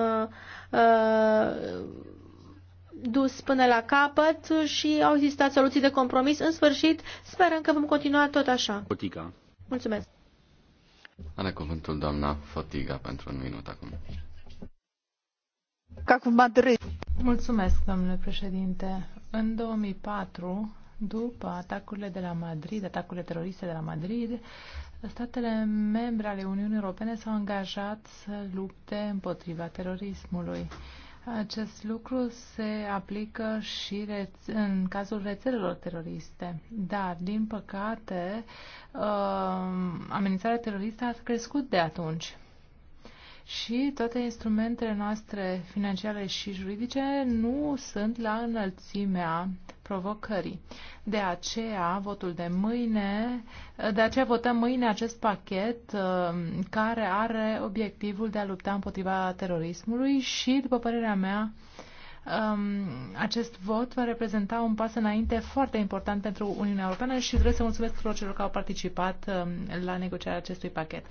uh, uh dus până la capăt și au existat soluții de compromis. În sfârșit, sperăm că vom continua tot așa. Fotiga. Mulțumesc. Are cuvântul doamna Fotiga pentru un minut acum. Ca cu Madrid. Mulțumesc, domnule președinte. În 2004, după atacurile de la Madrid, atacurile teroriste de la Madrid, statele membre ale Uniunii Europene s-au angajat să lupte împotriva terorismului. Acest lucru se aplică și în cazul rețelelor teroriste, dar, din păcate, uh, amenințarea teroristă a crescut de atunci și toate instrumentele noastre financiare și juridice nu sunt la înălțimea provocării. De aceea, votul de mâine, de aceea votăm mâine acest pachet uh, care are obiectivul de a lupta împotriva terorismului și, după părerea mea, um, acest vot va reprezenta un pas înainte foarte important pentru Uniunea Europeană și vreau să mulțumesc tuturor celor care au participat um, la negocierea acestui pachet.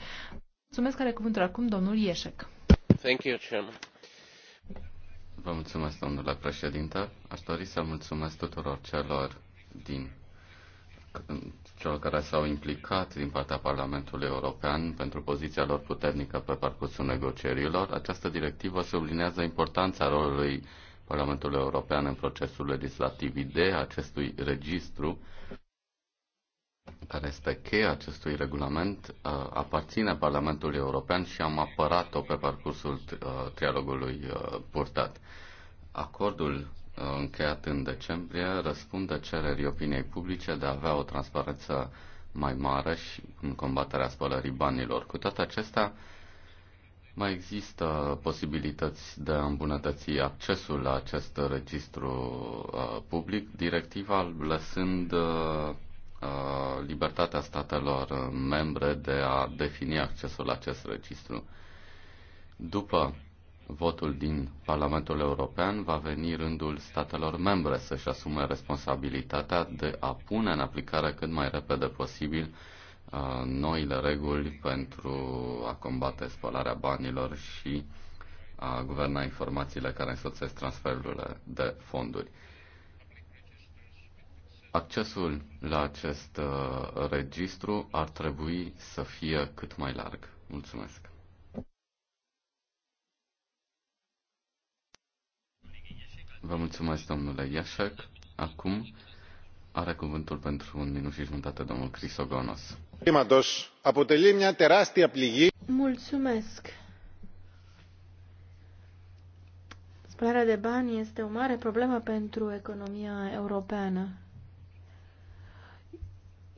Mulțumesc, are cuvântul acum domnul Ieșec. Thank you, Chairman. Vă mulțumesc, domnule președinte. Aș dori să mulțumesc tuturor celor din celor care s-au implicat din partea Parlamentului European pentru poziția lor puternică pe parcursul negocierilor. Această directivă sublinează importanța rolului Parlamentului European în procesul legislativ, ideea acestui registru care este cheia acestui regulament, uh, aparține Parlamentului European și am apărat-o pe parcursul uh, trialogului uh, purtat. Acordul încheiat în decembrie răspunde cererii opiniei publice de a avea o transparență mai mare și în combaterea spălării banilor. Cu toate acestea, mai există posibilități de a îmbunătăți accesul la acest registru public, directiva lăsând Uh, libertatea statelor membre de a defini accesul la acest registru. După votul din Parlamentul European, va veni rândul statelor membre să-și asume responsabilitatea de a pune în aplicare cât mai repede posibil uh, noile reguli pentru a combate spălarea banilor și a guverna informațiile care însoțesc transferurile de fonduri. Accesul la acest uh, registru ar trebui să fie cât mai larg. Mulțumesc. Vă mulțumesc, domnule Iașec. Acum are cuvântul pentru un minut și jumătate domnul Crisogonos. Mulțumesc. Spălarea de bani este o mare problemă pentru economia europeană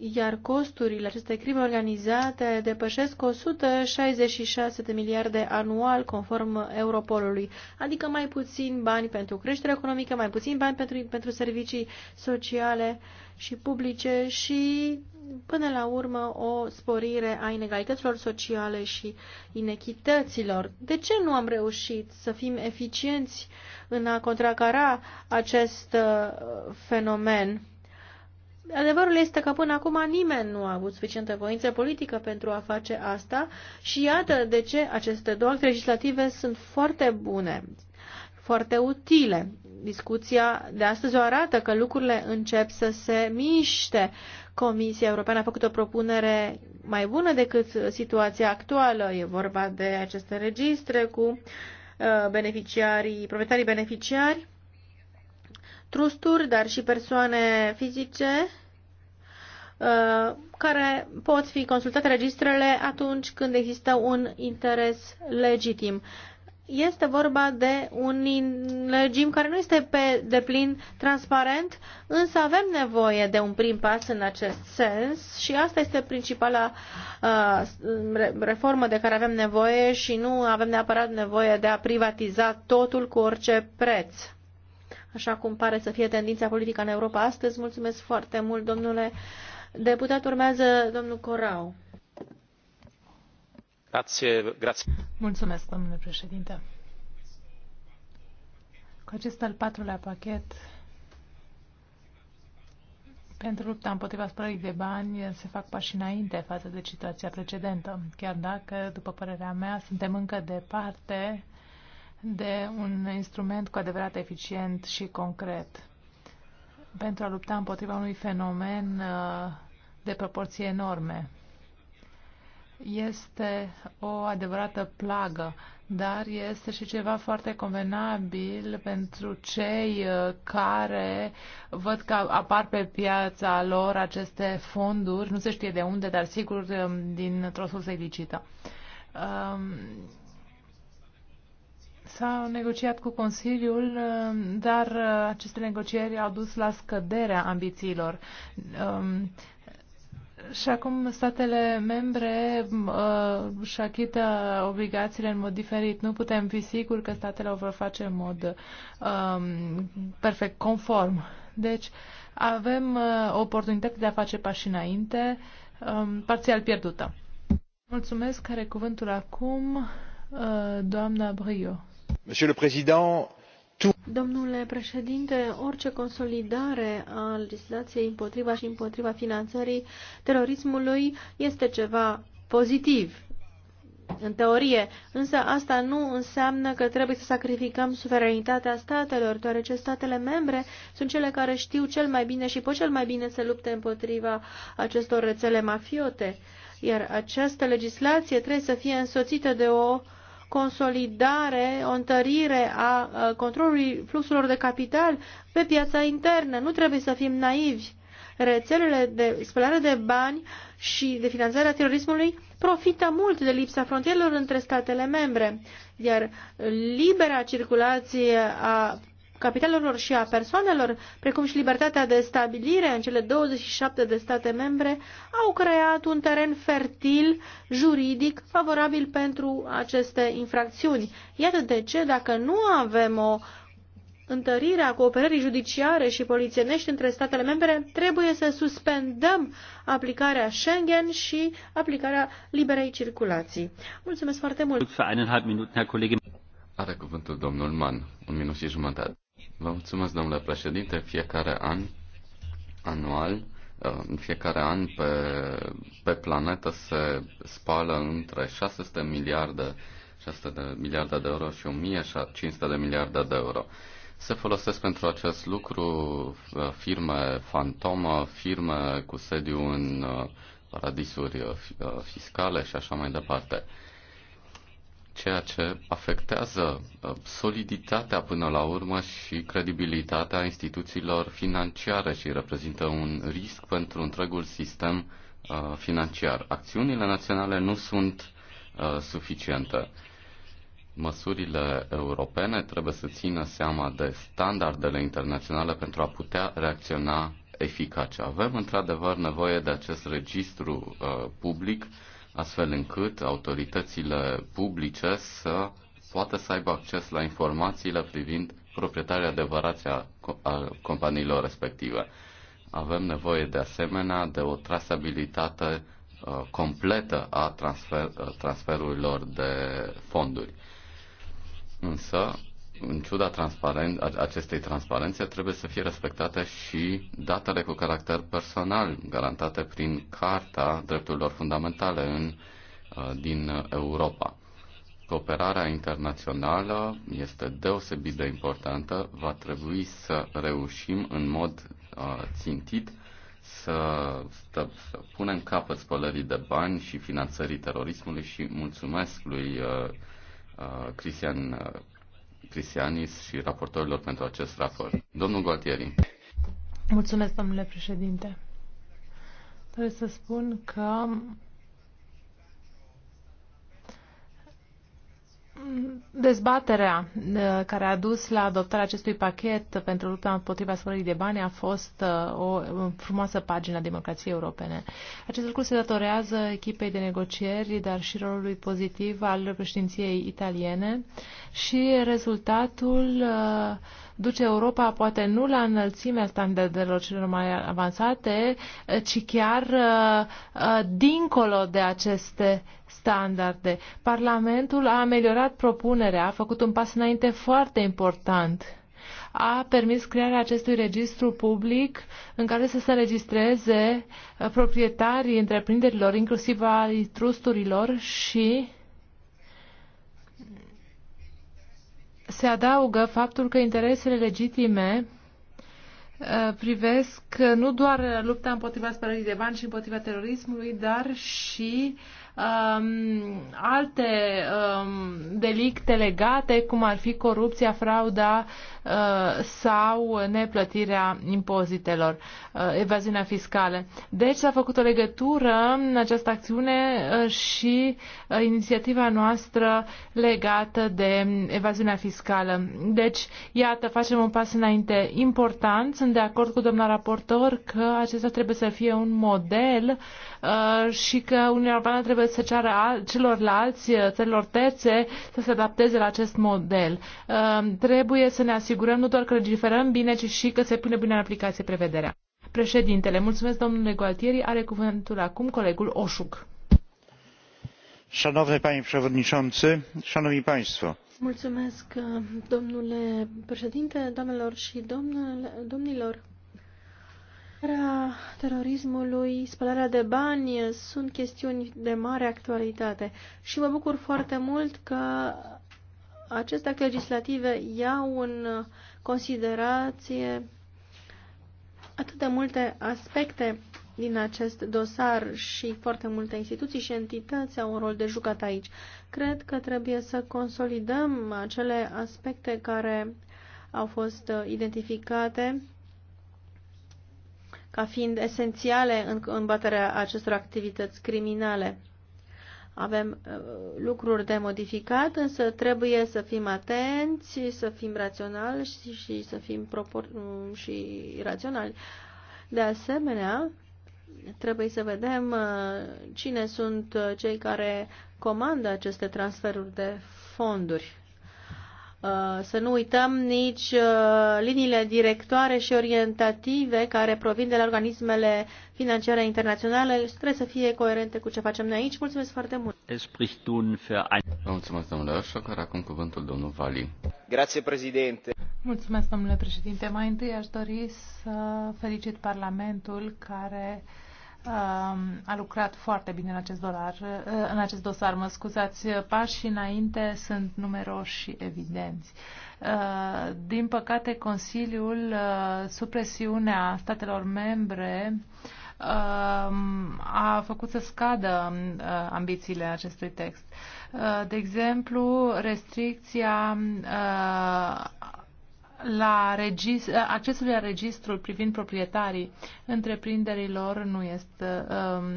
iar costurile acestei crime organizate depășesc 166 de miliarde anual conform Europolului, adică mai puțin bani pentru creștere economică, mai puțin bani pentru, pentru servicii sociale și publice și până la urmă o sporire a inegalităților sociale și inechităților. De ce nu am reușit să fim eficienți în a contracara acest uh, fenomen? Adevărul este că până acum nimeni nu a avut suficientă voință politică pentru a face asta și iată de ce aceste două acte legislative sunt foarte bune, foarte utile. Discuția de astăzi o arată că lucrurile încep să se miște. Comisia Europeană a făcut o propunere mai bună decât situația actuală. E vorba de aceste registre cu uh, beneficiarii, proprietarii beneficiari trusturi, dar și persoane fizice uh, care pot fi consultate registrele atunci când există un interes legitim. Este vorba de un legim care nu este pe deplin transparent, însă avem nevoie de un prim pas în acest sens și asta este principala uh, reformă de care avem nevoie și nu avem neapărat nevoie de a privatiza totul cu orice preț așa cum pare să fie tendința politică în Europa astăzi. Mulțumesc foarte mult, domnule deputat. Urmează domnul Corau. Grazie, grazie. Mulțumesc, domnule președinte. Cu acest al patrulea pachet pentru lupta împotriva spălării de bani se fac pași înainte față de situația precedentă, chiar dacă, după părerea mea, suntem încă departe de un instrument cu adevărat eficient și concret pentru a lupta împotriva unui fenomen uh, de proporții enorme. Este o adevărată plagă, dar este și ceva foarte convenabil pentru cei uh, care văd că apar pe piața lor aceste fonduri, nu se știe de unde, dar sigur um, dintr-o sursă ilicită um, S-a negociat cu Consiliul, um, dar uh, aceste negocieri au dus la scăderea ambițiilor. Um, și acum statele membre uh, își achită obligațiile în mod diferit. Nu putem fi siguri că statele o vor face în mod uh, perfect conform. Deci avem uh, oportunitatea de a face pași înainte, uh, parțial pierdută. Mulțumesc. Care cuvântul acum? Uh, doamna Brio. Domnule președinte, orice consolidare a legislației împotriva și împotriva finanțării terorismului este ceva pozitiv, în teorie, însă asta nu înseamnă că trebuie să sacrificăm suveranitatea statelor, deoarece statele membre sunt cele care știu cel mai bine și pot cel mai bine să lupte împotriva acestor rețele mafiote, iar această legislație trebuie să fie însoțită de o consolidare, o întărire a controlului fluxurilor de capital pe piața internă. Nu trebuie să fim naivi. Rețelele de spălare de bani și de finanțare a terorismului profită mult de lipsa frontierelor între statele membre, iar libera circulație a capitalelor și a persoanelor, precum și libertatea de stabilire în cele 27 de state membre, au creat un teren fertil, juridic, favorabil pentru aceste infracțiuni. Iată de ce, dacă nu avem o întărire a cooperării judiciare și polițienești între statele membre, trebuie să suspendăm aplicarea Schengen și aplicarea liberei circulații. Mulțumesc foarte mult! Are cuvântul domnul Mann. Un minut și jumătate. Vă mulțumesc, domnule președinte. Fiecare an, anual, uh, în fiecare an pe, pe planetă se spală între 600 miliarde, 600 de miliarde de euro și 1500 de miliarde de euro. Se folosesc pentru acest lucru uh, firme fantomă, firme cu sediu în uh, paradisuri fiscale și așa mai departe ceea ce afectează uh, soliditatea până la urmă și credibilitatea instituțiilor financiare și reprezintă un risc pentru întregul sistem uh, financiar. Acțiunile naționale nu sunt uh, suficiente. Măsurile europene trebuie să țină seama de standardele internaționale pentru a putea reacționa eficace. Avem într-adevăr nevoie de acest registru uh, public uh, astfel încât autoritățile publice să poată să aibă acces la informațiile privind proprietarii adevărați a, a companiilor respective. Avem nevoie de asemenea de o trasabilitate uh, completă a transfer, uh, transferurilor de fonduri. Însă, în ciuda transparen- acestei transparențe, trebuie să fie respectate și datele cu caracter personal garantate prin Carta Drepturilor Fundamentale în, uh, din Europa. Cooperarea internațională este deosebit de importantă. Va trebui să reușim în mod uh, țintit să, să, să punem capăt spălării de bani și finanțării terorismului și mulțumesc lui uh, uh Cristian uh, Cristianis și raportorilor pentru acest raport. Domnul Gualtieri. Mulțumesc, domnule președinte. Trebuie să spun că Dezbaterea uh, care a dus la adoptarea acestui pachet pentru lupta împotriva spălării de bani a fost uh, o uh, frumoasă pagină a democrației europene. Acest lucru se datorează echipei de negocieri, dar și rolului pozitiv al președinției italiene și rezultatul duce Europa poate nu la înălțimea standardelor celor mai avansate, ci chiar uh, uh, dincolo de aceste standarde. Parlamentul a ameliorat propunerea, a făcut un pas înainte foarte important a permis crearea acestui registru public în care să se registreze uh, proprietarii întreprinderilor, inclusiv ai trusturilor și se adaugă faptul că interesele legitime uh, privesc uh, nu doar lupta împotriva spălării de bani și împotriva terorismului, dar și um, alte um, delicte legate, cum ar fi corupția, frauda Uh, sau neplătirea impozitelor, uh, evaziunea fiscală. Deci s-a făcut o legătură în această acțiune uh, și inițiativa noastră legată de evaziunea fiscală. Deci, iată, facem un pas înainte important. Sunt de acord cu doamna raportor că acesta trebuie să fie un model și că Uniunea Europeană trebuie să ceară celorlalți țărilor terțe să se adapteze la acest model. Trebuie să ne asigurăm asigurăm nu doar că legiferăm bine, ci și că se pune bine în aplicație prevederea. Președintele, mulțumesc domnule Gualtieri, are cuvântul acum colegul Oșuc. Szanowny panie przewodniczący, szanowni państwo. Mulțumesc, domnule președinte, domnilor și domnilor. Era terorismului, spălarea de bani sunt chestiuni de mare actualitate și mă bucur foarte mult că aceste acte legislative iau în considerație atât de multe aspecte din acest dosar și foarte multe instituții și entități au un rol de jucat aici. Cred că trebuie să consolidăm acele aspecte care au fost identificate ca fiind esențiale în baterea acestor activități criminale avem uh, lucruri de modificat, însă trebuie să fim atenți, să fim raționali și, și să fim propor uh, și raționali. De asemenea, trebuie să vedem uh, cine sunt cei care comandă aceste transferuri de fonduri. Uh, să nu uităm nici uh, liniile directoare și orientative care provin de la organismele financiare internaționale. Trebuie să fie coerente cu ce facem noi aici. Mulțumesc foarte mult! Vă mulțumesc, domnule Orșo, care acum cuvântul domnul Vali. Grație, președinte! Mulțumesc, domnule președinte! Mai întâi aș dori să felicit Parlamentul care a lucrat foarte bine în acest, dolar, în acest dosar. Mă scuzați, pașii înainte sunt numeroși și evidenți. Uh, din păcate, Consiliul, uh, sub presiunea statelor membre, um, a făcut să scadă uh, ambițiile acestui text. De exemplu, restricția la regis, accesul la registrul privind proprietarii întreprinderilor nu este,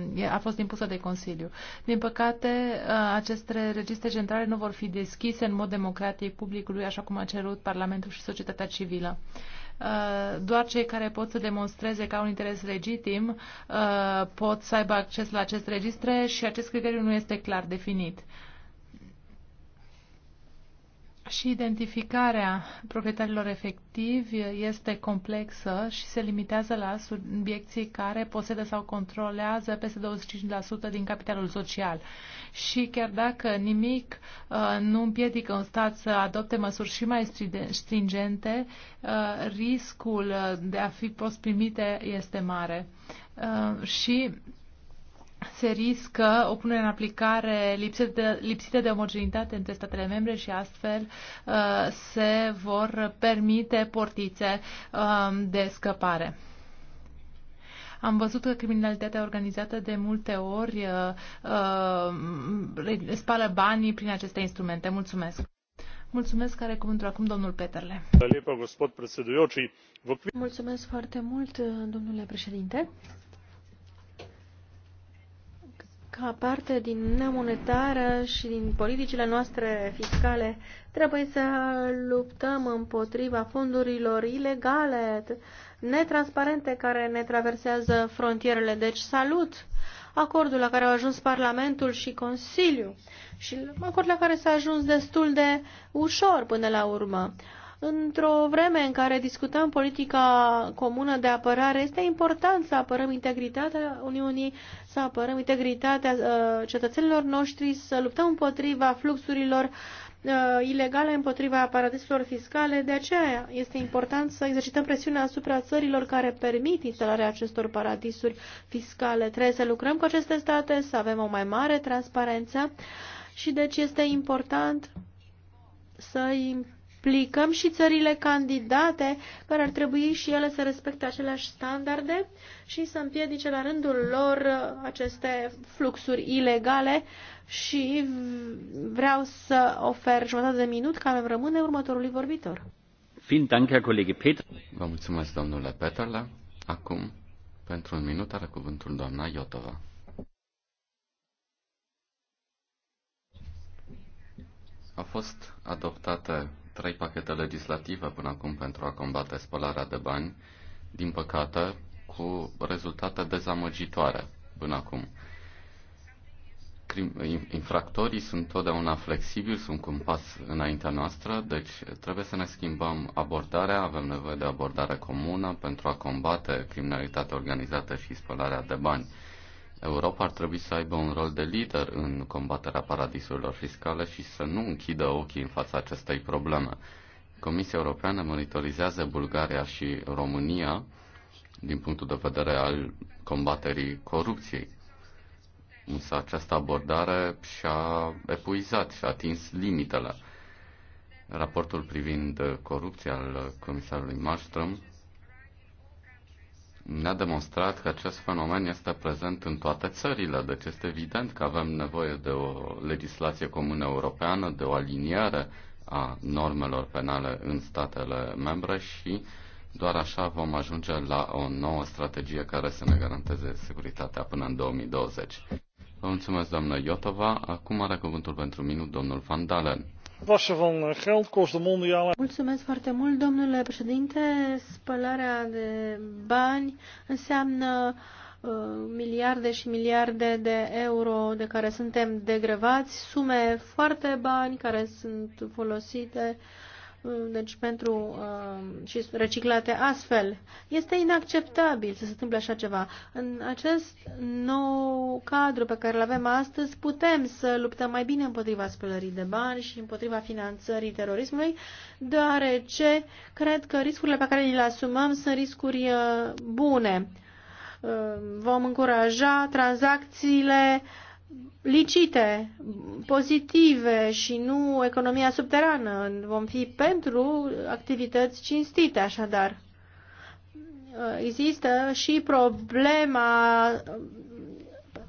um, a fost impusă de Consiliu. Din păcate, uh, aceste registre centrale nu vor fi deschise în mod democratic publicului, așa cum a cerut Parlamentul și societatea civilă uh, doar cei care pot să demonstreze că au un interes legitim uh, pot să aibă acces la aceste registre și acest criteriu nu este clar definit și identificarea proprietarilor efectivi este complexă și se limitează la subiecții care posedă sau controlează peste 25% din capitalul social. Și chiar dacă nimic uh, nu împiedică un stat să adopte măsuri și mai stringente, uh, riscul uh, de a fi post primite este mare. Și se riscă o punere în aplicare lipsită de, lipsită de omogenitate între statele membre și astfel uh, se vor permite portițe um, de scăpare. Am văzut că criminalitatea organizată de multe ori uh, uh, spală banii prin aceste instrumente. Mulțumesc! Mulțumesc, care cuvântul acum domnul Peterle. Mulțumesc foarte mult, domnule președinte ca parte din Uniunea Monetară și din politicile noastre fiscale, trebuie să luptăm împotriva fondurilor ilegale, netransparente, care ne traversează frontierele. Deci salut acordul la care au ajuns Parlamentul și Consiliu și acord la care s-a ajuns destul de ușor până la urmă. Într-o vreme în care discutăm politica comună de apărare, este important să apărăm integritatea Uniunii să apărăm integritatea uh, cetățenilor noștri, să luptăm împotriva fluxurilor uh, ilegale, împotriva paradisurilor fiscale. De aceea este important să exercităm presiunea asupra țărilor care permit instalarea acestor paradisuri fiscale. Trebuie să lucrăm cu aceste state, să avem o mai mare transparență și deci este important să-i Aplicăm și țările candidate, care ar trebui și ele să respecte aceleași standarde și să împiedice la rândul lor aceste fluxuri ilegale și vreau să ofer jumătate de minut care îmi rămâne următorului vorbitor. Vă mulțumesc, domnule Petrla. Acum, pentru un minut, are cuvântul doamna Iotova. A fost adoptată trei pachete legislative până acum pentru a combate spălarea de bani, din păcate, cu rezultate dezamăgitoare până acum. Infractorii sunt totdeauna flexibili, sunt cu un pas înaintea noastră, deci trebuie să ne schimbăm abordarea, avem nevoie de abordare comună pentru a combate criminalitatea organizată și spălarea de bani Europa ar trebui să aibă un rol de lider în combaterea paradisurilor fiscale și să nu închidă ochii în fața acestei probleme. Comisia Europeană monitorizează Bulgaria și România din punctul de vedere al combaterii corupției. Însă această abordare și-a epuizat și-a atins limitele. Raportul privind corupția al comisarului Malmström ne-a demonstrat că acest fenomen este prezent în toate țările, deci este evident că avem nevoie de o legislație comună europeană, de o aliniere a normelor penale în statele membre și doar așa vom ajunge la o nouă strategie care să ne garanteze securitatea până în 2020. Vă mulțumesc, doamnă Iotova. Acum are cuvântul pentru minut domnul Van Dalen de Mulțumesc foarte mult, domnule președinte. Spălarea de bani înseamnă uh, miliarde și miliarde de euro de care suntem degrevați, sume foarte bani care sunt folosite uh, deci pentru uh, și reciclate astfel. Este inacceptabil să se întâmple așa ceva. În acest nou cadru pe care îl avem astăzi, putem să luptăm mai bine împotriva spălării de bani și împotriva finanțării terorismului, deoarece cred că riscurile pe care le asumăm sunt riscuri uh, bune. Uh, vom încuraja tranzacțiile uh, licite, pozitive și nu economia subterană. Vom fi pentru activități cinstite, așadar. Există și problema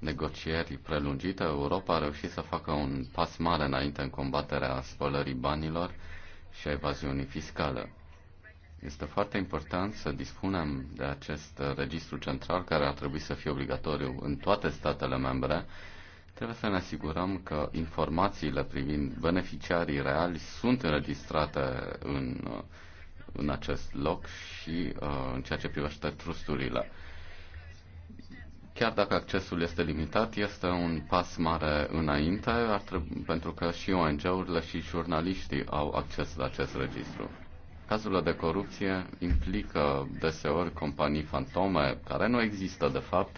negocieri prelungite, Europa a reușit să facă un pas mare înainte în combaterea spălării banilor și a evaziunii fiscale. Este foarte important să dispunem de acest registru central care ar trebui să fie obligatoriu în toate statele membre. Trebuie să ne asigurăm că informațiile privind beneficiarii reali sunt înregistrate în, în acest loc și uh, în ceea ce privește trusturile. Chiar dacă accesul este limitat, este un pas mare înainte, ar trebui, pentru că și ONG-urile și jurnaliștii au acces la acest registru. Cazurile de corupție implică deseori companii fantome care nu există de fapt.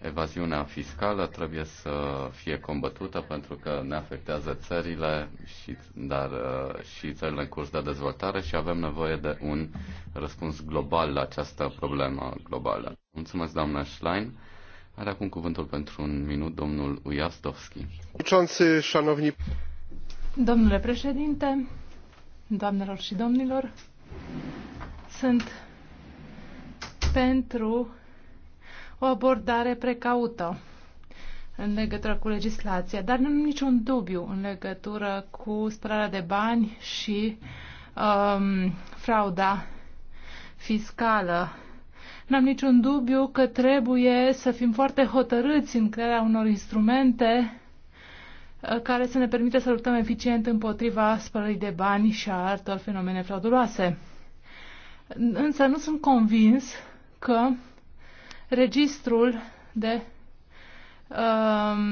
Evaziunea fiscală trebuie să fie combătută pentru că ne afectează țările și, dar, uh, și țările în curs de dezvoltare și avem nevoie de un răspuns global la această problemă globală. Mulțumesc, doamna Schlein. Are acum cuvântul pentru un minut domnul Ujastovski. Domnule președinte, doamnelor și domnilor, sunt pentru o abordare precaută în legătură cu legislația, dar nu am niciun dubiu în legătură cu spălarea de bani și um, frauda fiscală. N-am niciun dubiu că trebuie să fim foarte hotărâți în crearea unor instrumente uh, care să ne permită să luptăm eficient împotriva spălării de bani și a altor fenomene frauduloase. Însă nu sunt convins că registrul de um,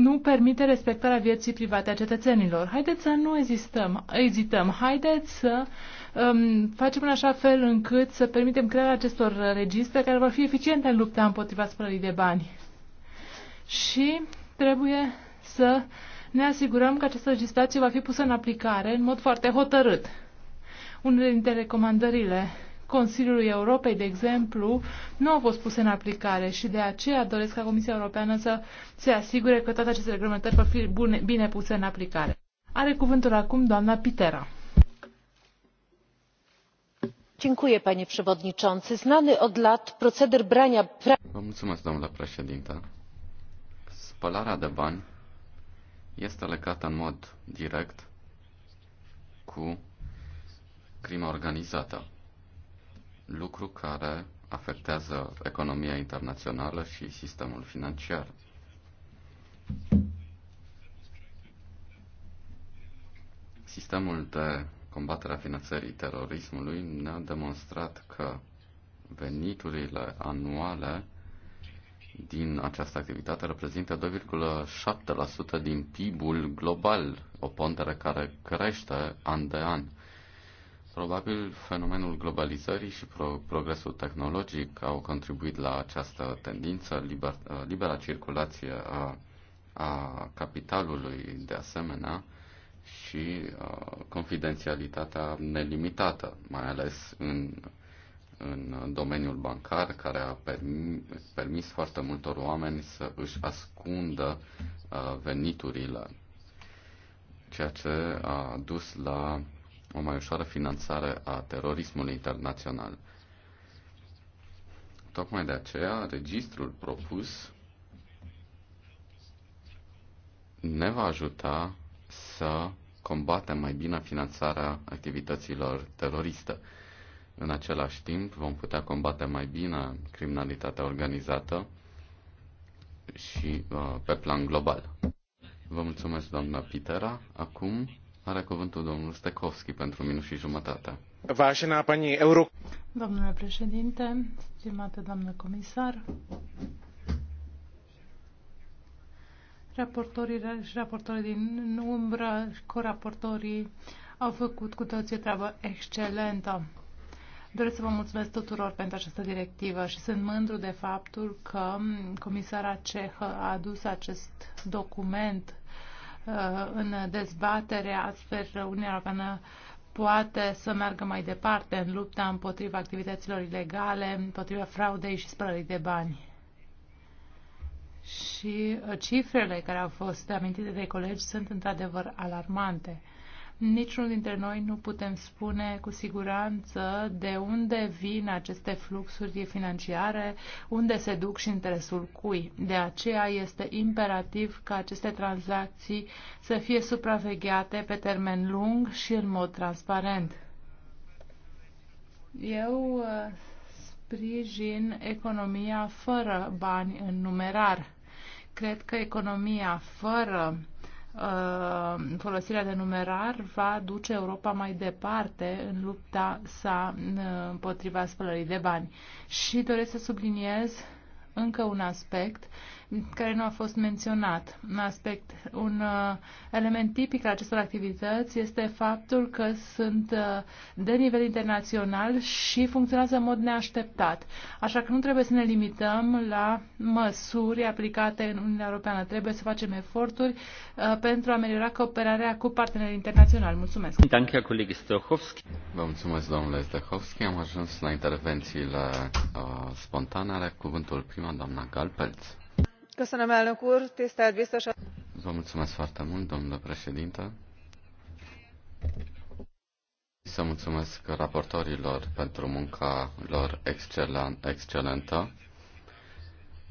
nu permite respectarea vieții private a cetățenilor. Haideți să nu ezistăm, ezităm, haideți să um, facem în așa fel încât să permitem crearea acestor registre care vor fi eficiente în lupta împotriva spălării de bani. Și trebuie să ne asigurăm că această legislație va fi pusă în aplicare în mod foarte hotărât. Unele dintre recomandările Consiliului Europei, de exemplu, nu au fost puse în aplicare și de aceea doresc ca Comisia Europeană să se asigure că toate aceste reglementări vor fi bune, bine puse în aplicare. Are cuvântul acum doamna Pitera panie przewodniczący! znany od lat proceder brania. domnule spălarea de bani este legată în mod direct cu crima organizată lucru care afectează economia internațională și sistemul financiar. Sistemul de combaterea finanțării terorismului ne-a demonstrat că veniturile anuale din această activitate reprezintă 2,7% din PIB-ul global, o pondere care crește an de an. Probabil fenomenul globalizării și pro- progresul tehnologic au contribuit la această tendință, liber, uh, libera circulație a, a capitalului de asemenea și uh, confidențialitatea nelimitată, mai ales în, în domeniul bancar, care a permis, permis foarte multor oameni să își ascundă uh, veniturile, ceea ce a dus la o mai ușoară finanțare a terorismului internațional. Tocmai de aceea, registrul propus ne va ajuta să combatem mai bine finanțarea activităților teroriste. În același timp, vom putea combate mai bine criminalitatea organizată și uh, pe plan global. Vă mulțumesc, doamna Pitera. Acum are cuvântul domnul Stekovski pentru minut și jumătate. Vașina, pani Euro... Domnule președinte, stimată doamnă comisar, Raportorii și raportorii din umbră, coraportorii au făcut cu toții o treabă excelentă. Doresc să vă mulțumesc tuturor pentru această directivă și sunt mândru de faptul că comisara cehă a adus acest document uh, în dezbatere, astfel Uniunea Europeană poate să meargă mai departe în lupta împotriva activităților ilegale, împotriva fraudei și spălării de bani și uh, cifrele care au fost amintite de colegi sunt într-adevăr alarmante. Niciunul dintre noi nu putem spune cu siguranță de unde vin aceste fluxuri financiare, unde se duc și interesul cui. De aceea este imperativ ca aceste tranzacții să fie supravegheate pe termen lung și în mod transparent. Eu uh, sprijin economia fără bani în numerar Cred că economia fără uh, folosirea de numerar va duce Europa mai departe în lupta sa uh, împotriva spălării de bani. Și doresc să subliniez încă un aspect care nu a fost menționat. Un aspect, un uh, element tipic al acestor activități este faptul că sunt uh, de nivel internațional și funcționează în mod neașteptat. Așa că nu trebuie să ne limităm la măsuri aplicate în Uniunea Europeană. Trebuie să facem eforturi uh, pentru a ameliora cooperarea cu partenerii internaționali. Mulțumesc! Vă mulțumesc, domnule Zdehovski. Am ajuns la intervențiile uh, spontane. Are cuvântul prima, doamna Galpelț. Vă mulțumesc foarte mult, domnule președinte. Să mulțumesc raportorilor pentru munca lor excelentă.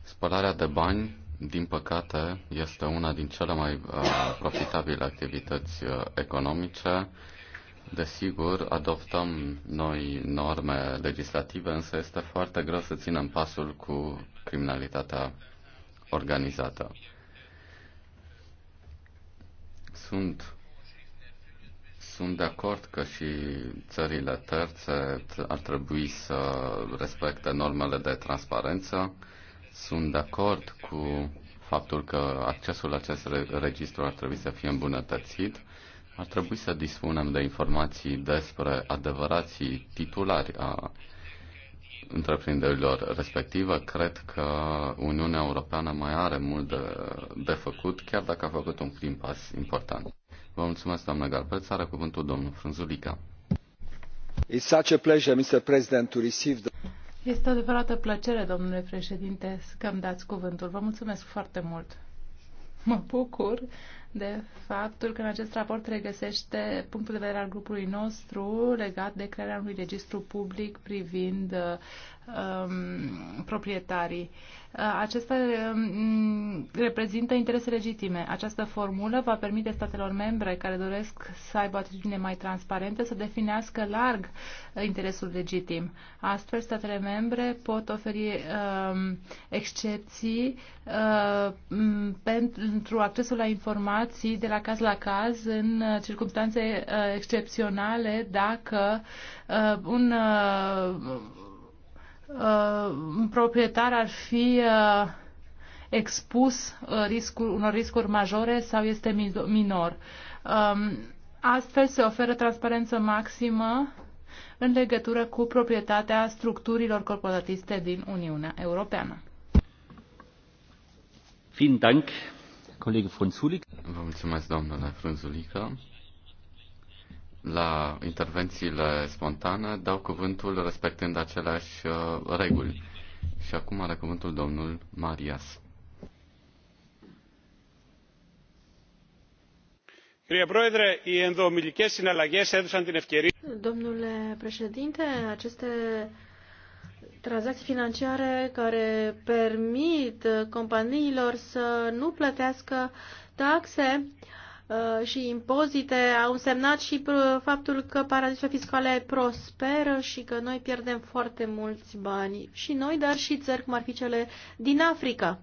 Spălarea de bani, din păcate, este una din cele mai uh, profitabile activități uh, economice. Desigur, adoptăm noi norme legislative, însă este foarte greu să ținem pasul cu criminalitatea organizată. Sunt, sunt de acord că și țările terțe ar trebui să respecte normele de transparență. Sunt de acord cu faptul că accesul la acest registru ar trebui să fie îmbunătățit. Ar trebui să dispunem de informații despre adevărații titulari a întreprinderilor respective. Cred că Uniunea Europeană mai are mult de, de făcut, chiar dacă a făcut un prim pas important. Vă mulțumesc, doamnă Galpeț. Are cuvântul domnul Frunzulica. It's such a pleasure, Mr. President, to receive the... Este o adevărată plăcere, domnule președinte, că îmi dați cuvântul. Vă mulțumesc foarte mult. Mă bucur de faptul că în acest raport regăsește punctul de vedere al grupului nostru legat de crearea unui registru public privind um, proprietarii. Uh, Uh, acesta um, reprezintă interese legitime. Această formulă va permite statelor membre care doresc să aibă atitudine mai transparentă să definească larg uh, interesul legitim. Astfel, statele membre pot oferi um, excepții uh, pentru accesul la informații de la caz la caz în uh, circunstanțe uh, excepționale dacă uh, un uh, Uh, un proprietar ar fi uh, expus uh, riscul, unor riscuri majore sau este minor. Um, astfel se oferă transparență maximă în legătură cu proprietatea structurilor corporatiste din Uniunea Europeană. Vielen Dank, Vă mulțumesc, doamnele Frunzulică la intervențiile spontane, dau cuvântul respectând aceleași uh, reguli. Și acum are cuvântul domnul Marias. Domnule președinte, aceste tranzacții financiare care permit companiilor să nu plătească taxe uh, Uh, și impozite au însemnat și uh, faptul că paradisurile fiscale prosperă și că noi pierdem foarte mulți bani și noi, dar și țări cum ar fi cele din Africa.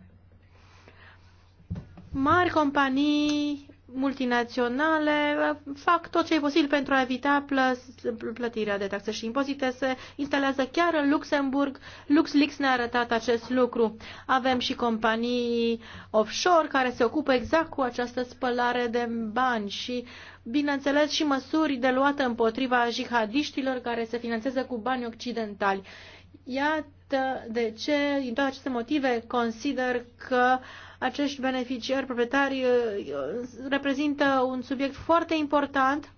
Mari companii multinaționale fac tot ce e posibil pentru a evita plătirea de taxe și impozite. Se instalează chiar în Luxemburg. LuxLeaks ne-a arătat acest lucru. Avem și companii offshore care se ocupă exact cu această spălare de bani și, bineînțeles, și măsuri de luată împotriva jihadiștilor care se finanțează cu bani occidentali. Iată de ce, din toate aceste motive, consider că uh, acești beneficiari, proprietari, uh, reprezintă un subiect foarte important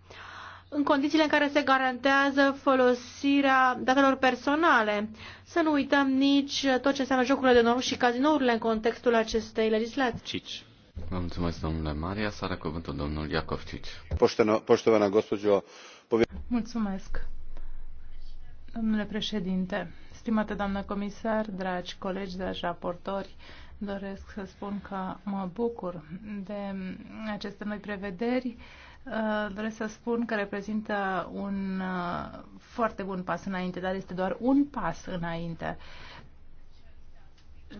în condițiile în care se garantează folosirea datelor personale. Să nu uităm nici tot ce înseamnă jocurile de noroc și cazinourile în contextul acestei legislații. Cici. Vă mulțumesc, domnule Maria. Să are cuvântul domnul Iacov Cici. Poștovana, gospodio... Mulțumesc. Domnule președinte, stimată doamnă comisar, dragi colegi, dragi raportori, doresc să spun că mă bucur de aceste noi prevederi. Uh, doresc să spun că reprezintă un uh, foarte bun pas înainte, dar este doar un pas înainte,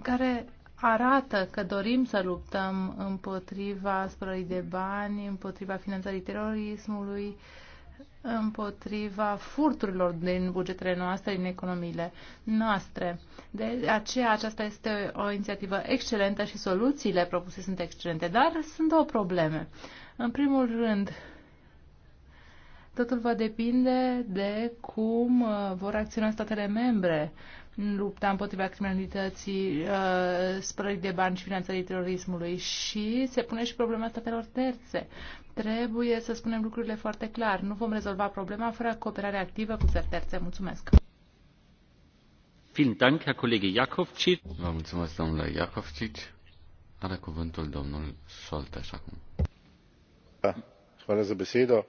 care arată că dorim să luptăm împotriva spălării de bani, împotriva finanțării terorismului, împotriva furturilor din bugetele noastre, din economiile noastre. De aceea aceasta este o inițiativă excelentă și soluțiile propuse sunt excelente, dar sunt două probleme. În primul rând, totul va depinde de cum uh, vor acționa statele membre în lupta împotriva criminalității, uh, spălării de bani și finanțării terorismului și se pune și problema statelor terțe. Trebuie să spunem lucrurile foarte clar. Nu vom rezolva problema fără cooperare activă cu țări terțe. Mulțumesc! Vă mulțumesc, domnule Jakovcic. Are cuvântul domnul Solte, acum. cum. za besedo.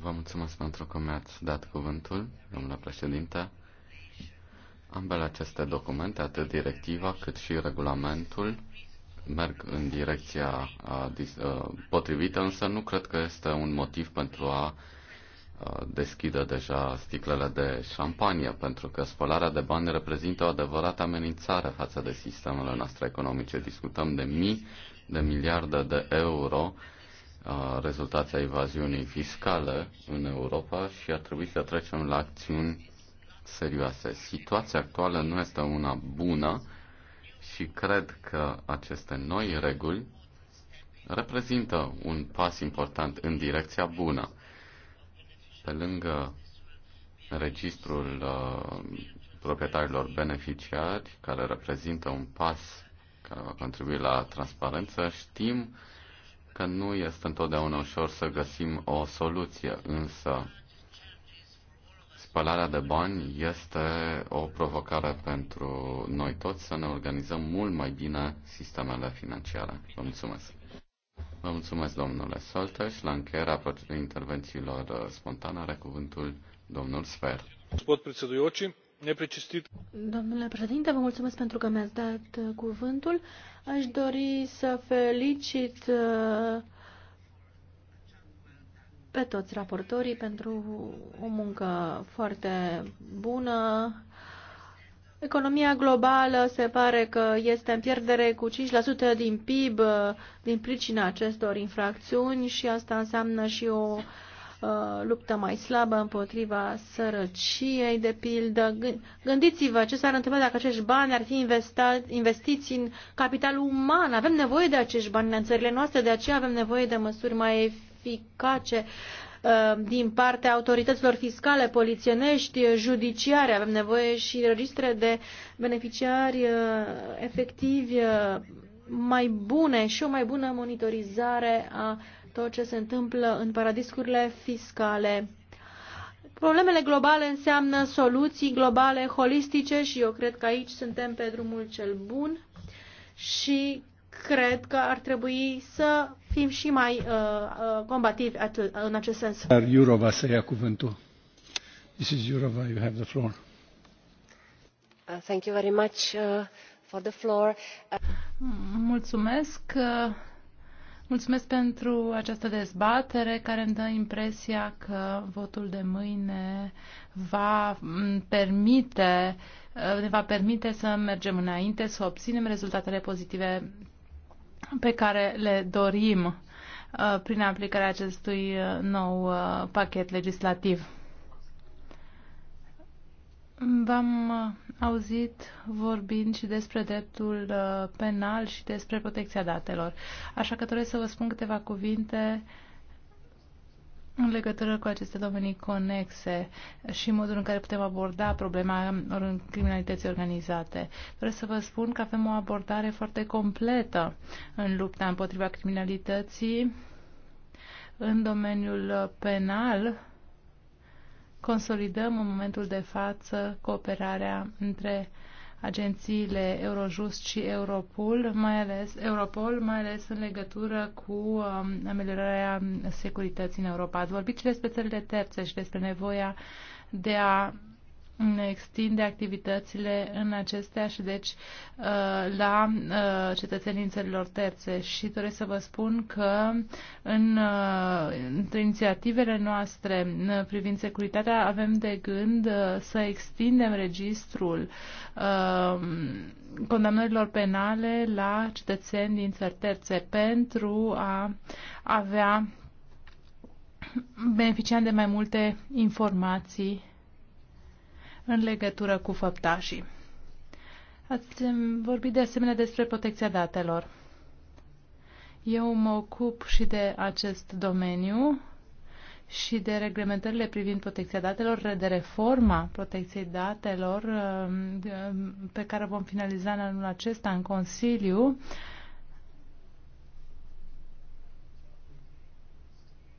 Vă mulțumesc pentru că mi-ați dat cuvântul, domnule președinte. Ambele aceste documente, atât directiva cât și regulamentul, merg în direcția potrivită, însă nu cred că este un motiv pentru a deschide deja sticlele de șampanie, pentru că spălarea de bani reprezintă o adevărată amenințare față de sistemele noastre economice. Discutăm de mii de miliarde de euro rezultația evaziunii fiscale în Europa și ar trebui să trecem la acțiuni serioase. Situația actuală nu este una bună și cred că aceste noi reguli reprezintă un pas important în direcția bună. Pe lângă registrul uh, proprietarilor beneficiari, care reprezintă un pas care va contribui la transparență, știm că nu este întotdeauna ușor să găsim o soluție, însă Spălarea de bani este o provocare pentru noi toți să ne organizăm mult mai bine sistemele financiare. Vă mulțumesc! Vă mulțumesc, domnule Solteș. La încheierea intervențiilor uh, spontane are cuvântul domnul Sfer. Domnule președinte, vă mulțumesc pentru că mi-ați dat uh, cuvântul. Aș dori să felicit uh, pe toți raportorii pentru o muncă foarte bună. Economia globală se pare că este în pierdere cu 5% din PIB din pricina acestor infracțiuni și asta înseamnă și o uh, luptă mai slabă împotriva sărăciei, de pildă. Gândiți-vă ce s-ar întâmpla dacă acești bani ar fi investat, investiți în capital uman. Avem nevoie de acești bani în țările noastre, de aceea avem nevoie de măsuri mai eficace uh, din partea autorităților fiscale, polițienești, judiciare. Avem nevoie și registre de beneficiari uh, efectivi uh, mai bune și o mai bună monitorizare a tot ce se întâmplă în paradiscurile fiscale. Problemele globale înseamnă soluții globale holistice și eu cred că aici suntem pe drumul cel bun și cred că ar trebui să fim și mai uh, uh, combativi atât, în acest sens. Iurova să ia cuvântul. is Iurova, you have the floor. Uh, thank you very much uh, for the floor. Uh... Mulțumesc. Uh, mulțumesc pentru această dezbatere care îmi dă impresia că votul de mâine va mm, permite uh, ne va permite să mergem înainte, să obținem rezultatele pozitive pe care le dorim uh, prin aplicarea acestui uh, nou uh, pachet legislativ. V-am auzit vorbind și despre dreptul penal și despre protecția datelor, așa că doresc să vă spun câteva cuvinte în legătură cu aceste domenii conexe și modul în care putem aborda problema criminalității organizate, vreau să vă spun că avem o abordare foarte completă în lupta împotriva criminalității în domeniul penal. Consolidăm în momentul de față cooperarea între uh, agențiile Eurojust și Europol, mai ales, Europol, mai ales în legătură cu um, ameliorarea securității în Europa. Ați vorbit și despre țările terțe și despre nevoia de a ne extinde activitățile în acestea și deci uh, la uh, cetățenii țărilor terțe. Și doresc să vă spun că în, uh, între inițiativele noastre privind securitatea avem de gând să extindem registrul condamnărilor penale la cetățeni din țări terțe pentru a avea beneficiant de mai multe informații în legătură cu făptașii. Ați vorbit de asemenea despre protecția datelor. Eu mă ocup și de acest domeniu și de reglementările privind protecția datelor, de reforma protecției datelor um, pe care vom finaliza în anul acesta în Consiliu.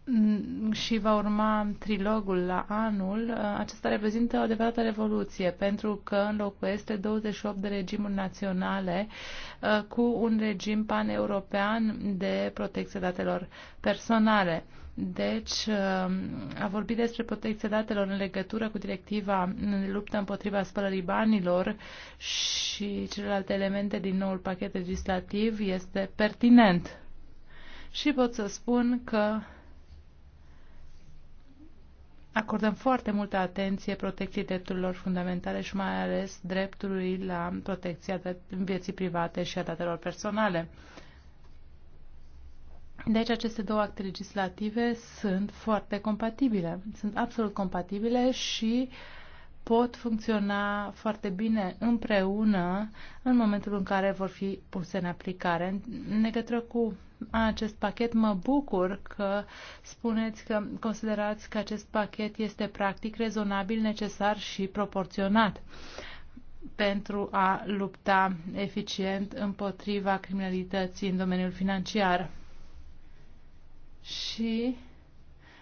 Mm, și va urma trilogul la anul, uh, acesta reprezintă o adevărată revoluție, pentru că înlocuiește 28 de regimuri naționale uh, cu un regim paneuropean de protecție datelor personale. Deci, uh, a vorbit despre protecția datelor în legătură cu directiva în luptă împotriva spălării banilor și celelalte elemente din noul pachet legislativ este pertinent. Și pot să spun că acordăm foarte multă atenție protecției drepturilor fundamentale și mai ales dreptului la protecția vieții private și a datelor personale. Deci aceste două acte legislative sunt foarte compatibile, sunt absolut compatibile și pot funcționa foarte bine împreună în momentul în care vor fi puse în aplicare. În legătură cu acest pachet. Mă bucur că spuneți că considerați că acest pachet este practic rezonabil, necesar și proporționat pentru a lupta eficient împotriva criminalității în domeniul financiar. Și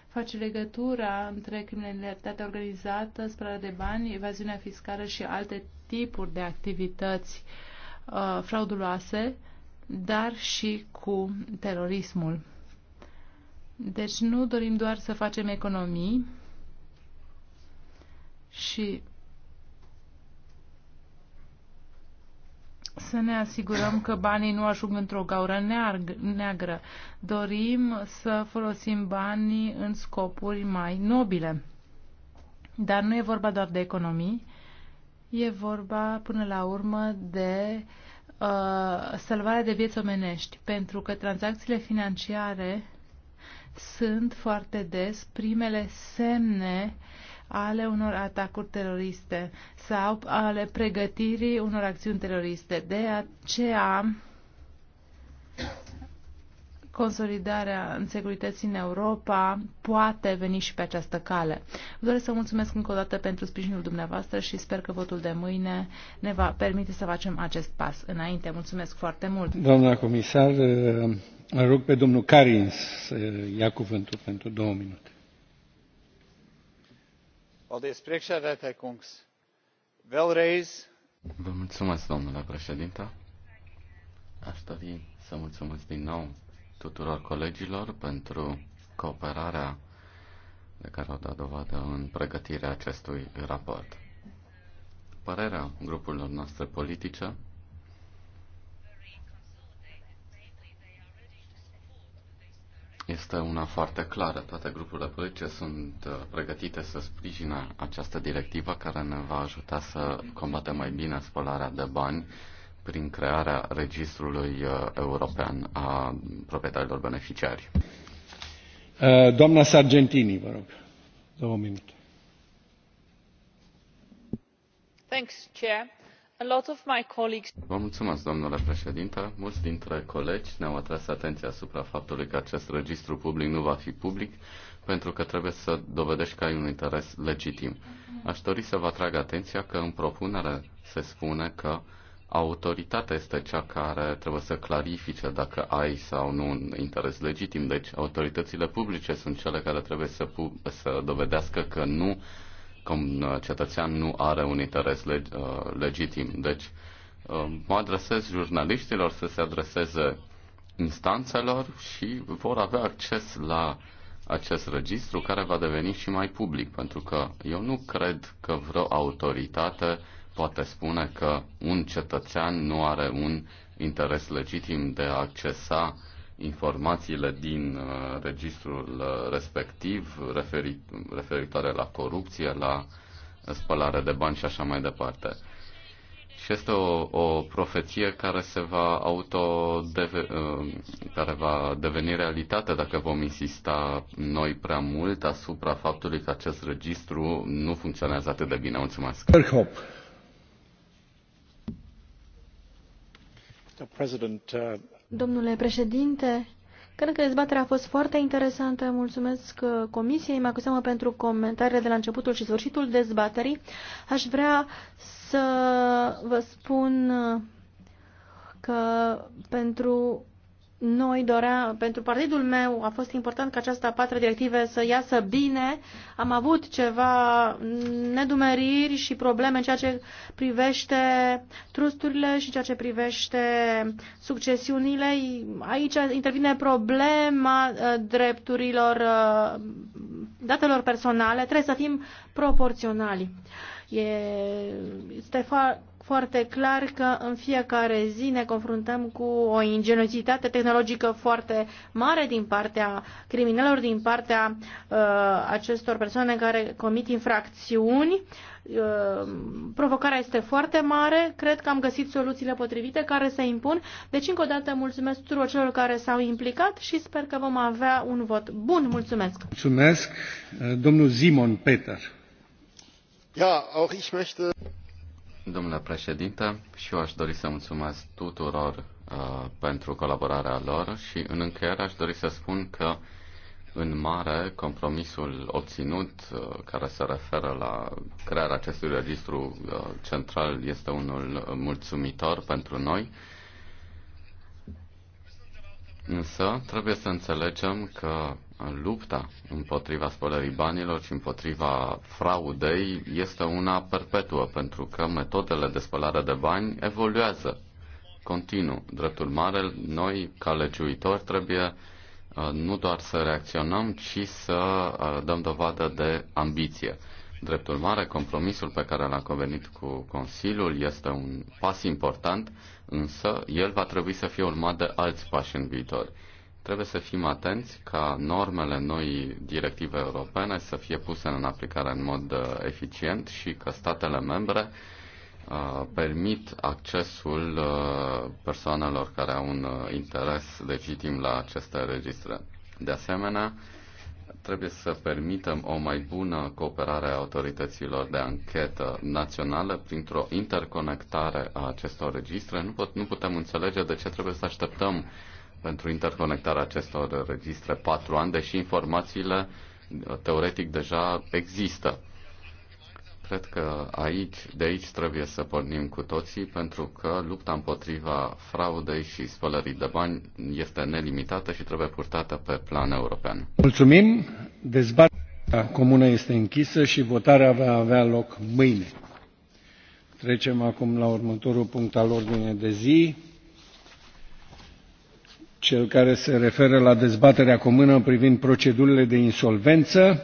face legătura între criminalitatea organizată, spălarea de bani, evaziunea fiscală și alte tipuri de activități uh, frauduloase uh, dar și cu terorismul. Deci nu dorim doar să facem economii și să ne asigurăm că banii nu ajung într-o gaură neagră. Dorim să folosim banii în scopuri mai nobile. Dar nu e vorba doar de economii, e vorba până la urmă de uh, Uh, salvarea de vieți omenești, pentru că tranzacțiile financiare sunt foarte des primele semne ale unor atacuri teroriste sau ale pregătirii unor acțiuni teroriste. De aceea consolidarea în securității în Europa poate veni și pe această cale. Vă doresc să mulțumesc încă o dată pentru sprijinul dumneavoastră și sper că votul de mâine ne va permite să facem acest pas înainte. Mulțumesc foarte mult! Doamna comisar, mă rog pe domnul Carins să ia cuvântul pentru două minute. Vă mulțumesc, domnule președinte. Aș dori să mulțumesc din nou tuturor colegilor pentru cooperarea de care au dat dovadă în pregătirea acestui raport. Părerea grupurilor noastre politice este una foarte clară. Toate grupurile politice sunt uh, pregătite să sprijină această directivă care ne va ajuta să combatem mai bine spălarea de bani prin crearea registrului uh, european a proprietarilor beneficiari. Uh, doamna Sargentini, vă rog, două minute. Thanks, Chair. A lot of my colleagues... Vă mulțumesc, domnule președinte. Mulți dintre colegi ne-au atras atenția asupra faptului că acest registru public nu va fi public pentru că trebuie să dovedești că ai un interes legitim. Aș dori să vă atrag atenția că în propunere se spune că autoritatea este cea care trebuie să clarifice dacă ai sau nu un interes legitim. Deci autoritățile publice sunt cele care trebuie să, pu- să dovedească că nu, un uh, cetățean nu are un interes leg- uh, legitim. Deci uh, mă adresez jurnaliștilor să se adreseze instanțelor și vor avea acces la acest registru care va deveni și mai public, pentru că eu nu cred că vreo autoritate poate spune că un cetățean nu are un interes legitim de a accesa informațiile din uh, registrul uh, respectiv referit, referitoare la corupție, la spălare de bani și așa mai departe. Și este o, o profeție care se va auto deve, uh, care va deveni realitate dacă vom insista noi prea mult asupra faptului că acest registru nu funcționează atât de bine. Mulțumesc. Kirchhoff. Uh, uh, Domnule președinte, cred că dezbaterea a fost foarte interesantă. Mulțumesc uh, Comisiei, Mă cu pentru comentariile de la începutul și sfârșitul dezbaterii. Aș vrea să vă spun că pentru noi doream, pentru partidul meu a fost important ca această a patra directive să iasă bine. Am avut ceva nedumeriri și probleme în ceea ce privește trusturile și ceea ce privește succesiunile. Aici intervine problema uh, drepturilor uh, datelor personale. Trebuie să fim proporționali. este foarte foarte clar că în fiecare zi ne confruntăm cu o ingenuitate tehnologică foarte mare din partea criminalilor, din partea uh, acestor persoane care comit infracțiuni. Uh, provocarea este foarte mare. Cred că am găsit soluțiile potrivite care se impun. Deci, încă o dată, mulțumesc tuturor celor care s-au implicat și sper că vom avea un vot bun. Mulțumesc! Mulțumesc, domnul Simon Peter. Ja, auch ich möchte... Domnule președinte, și eu aș dori să mulțumesc tuturor uh, pentru colaborarea lor și în încheiere aș dori să spun că în mare compromisul obținut uh, care se referă la crearea acestui registru uh, central este unul mulțumitor pentru noi. Însă trebuie să înțelegem că lupta împotriva spălării banilor și împotriva fraudei este una perpetuă, pentru că metodele de spălare de bani evoluează continuu. Dreptul mare, noi, ca legiuitori, trebuie uh, nu doar să reacționăm, ci să uh, dăm dovadă de ambiție. Dreptul mare, compromisul pe care l-a convenit cu Consiliul este un pas important, însă el va trebui să fie urmat de alți pași în viitor. Trebuie să fim atenți ca normele noi directive europene să fie puse în aplicare în mod uh, eficient și că statele membre uh, permit accesul uh, persoanelor care au un interes legitim la aceste registre. De asemenea, trebuie să permitem o mai bună cooperare a autorităților de anchetă națională printr-o interconectare a acestor registre. Nu, pot, nu putem înțelege de ce trebuie să așteptăm uh, pentru interconectarea acestor registre patru ani, deși informațiile uh, teoretic deja există. Cred că aici, de aici trebuie să pornim cu toții, pentru că lupta împotriva fraudei și spălării de bani este nelimitată și trebuie purtată pe plan european. Mulțumim! Dezbaterea comună este închisă și votarea va avea loc mâine. Trecem acum la următorul punct al ordinei de zi cel care se referă la dezbaterea comună privind procedurile de insolvență.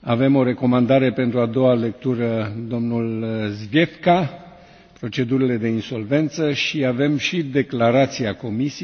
Avem o recomandare pentru a doua lectură, domnul Zviefka, procedurile de insolvență și avem și declarația Comisiei.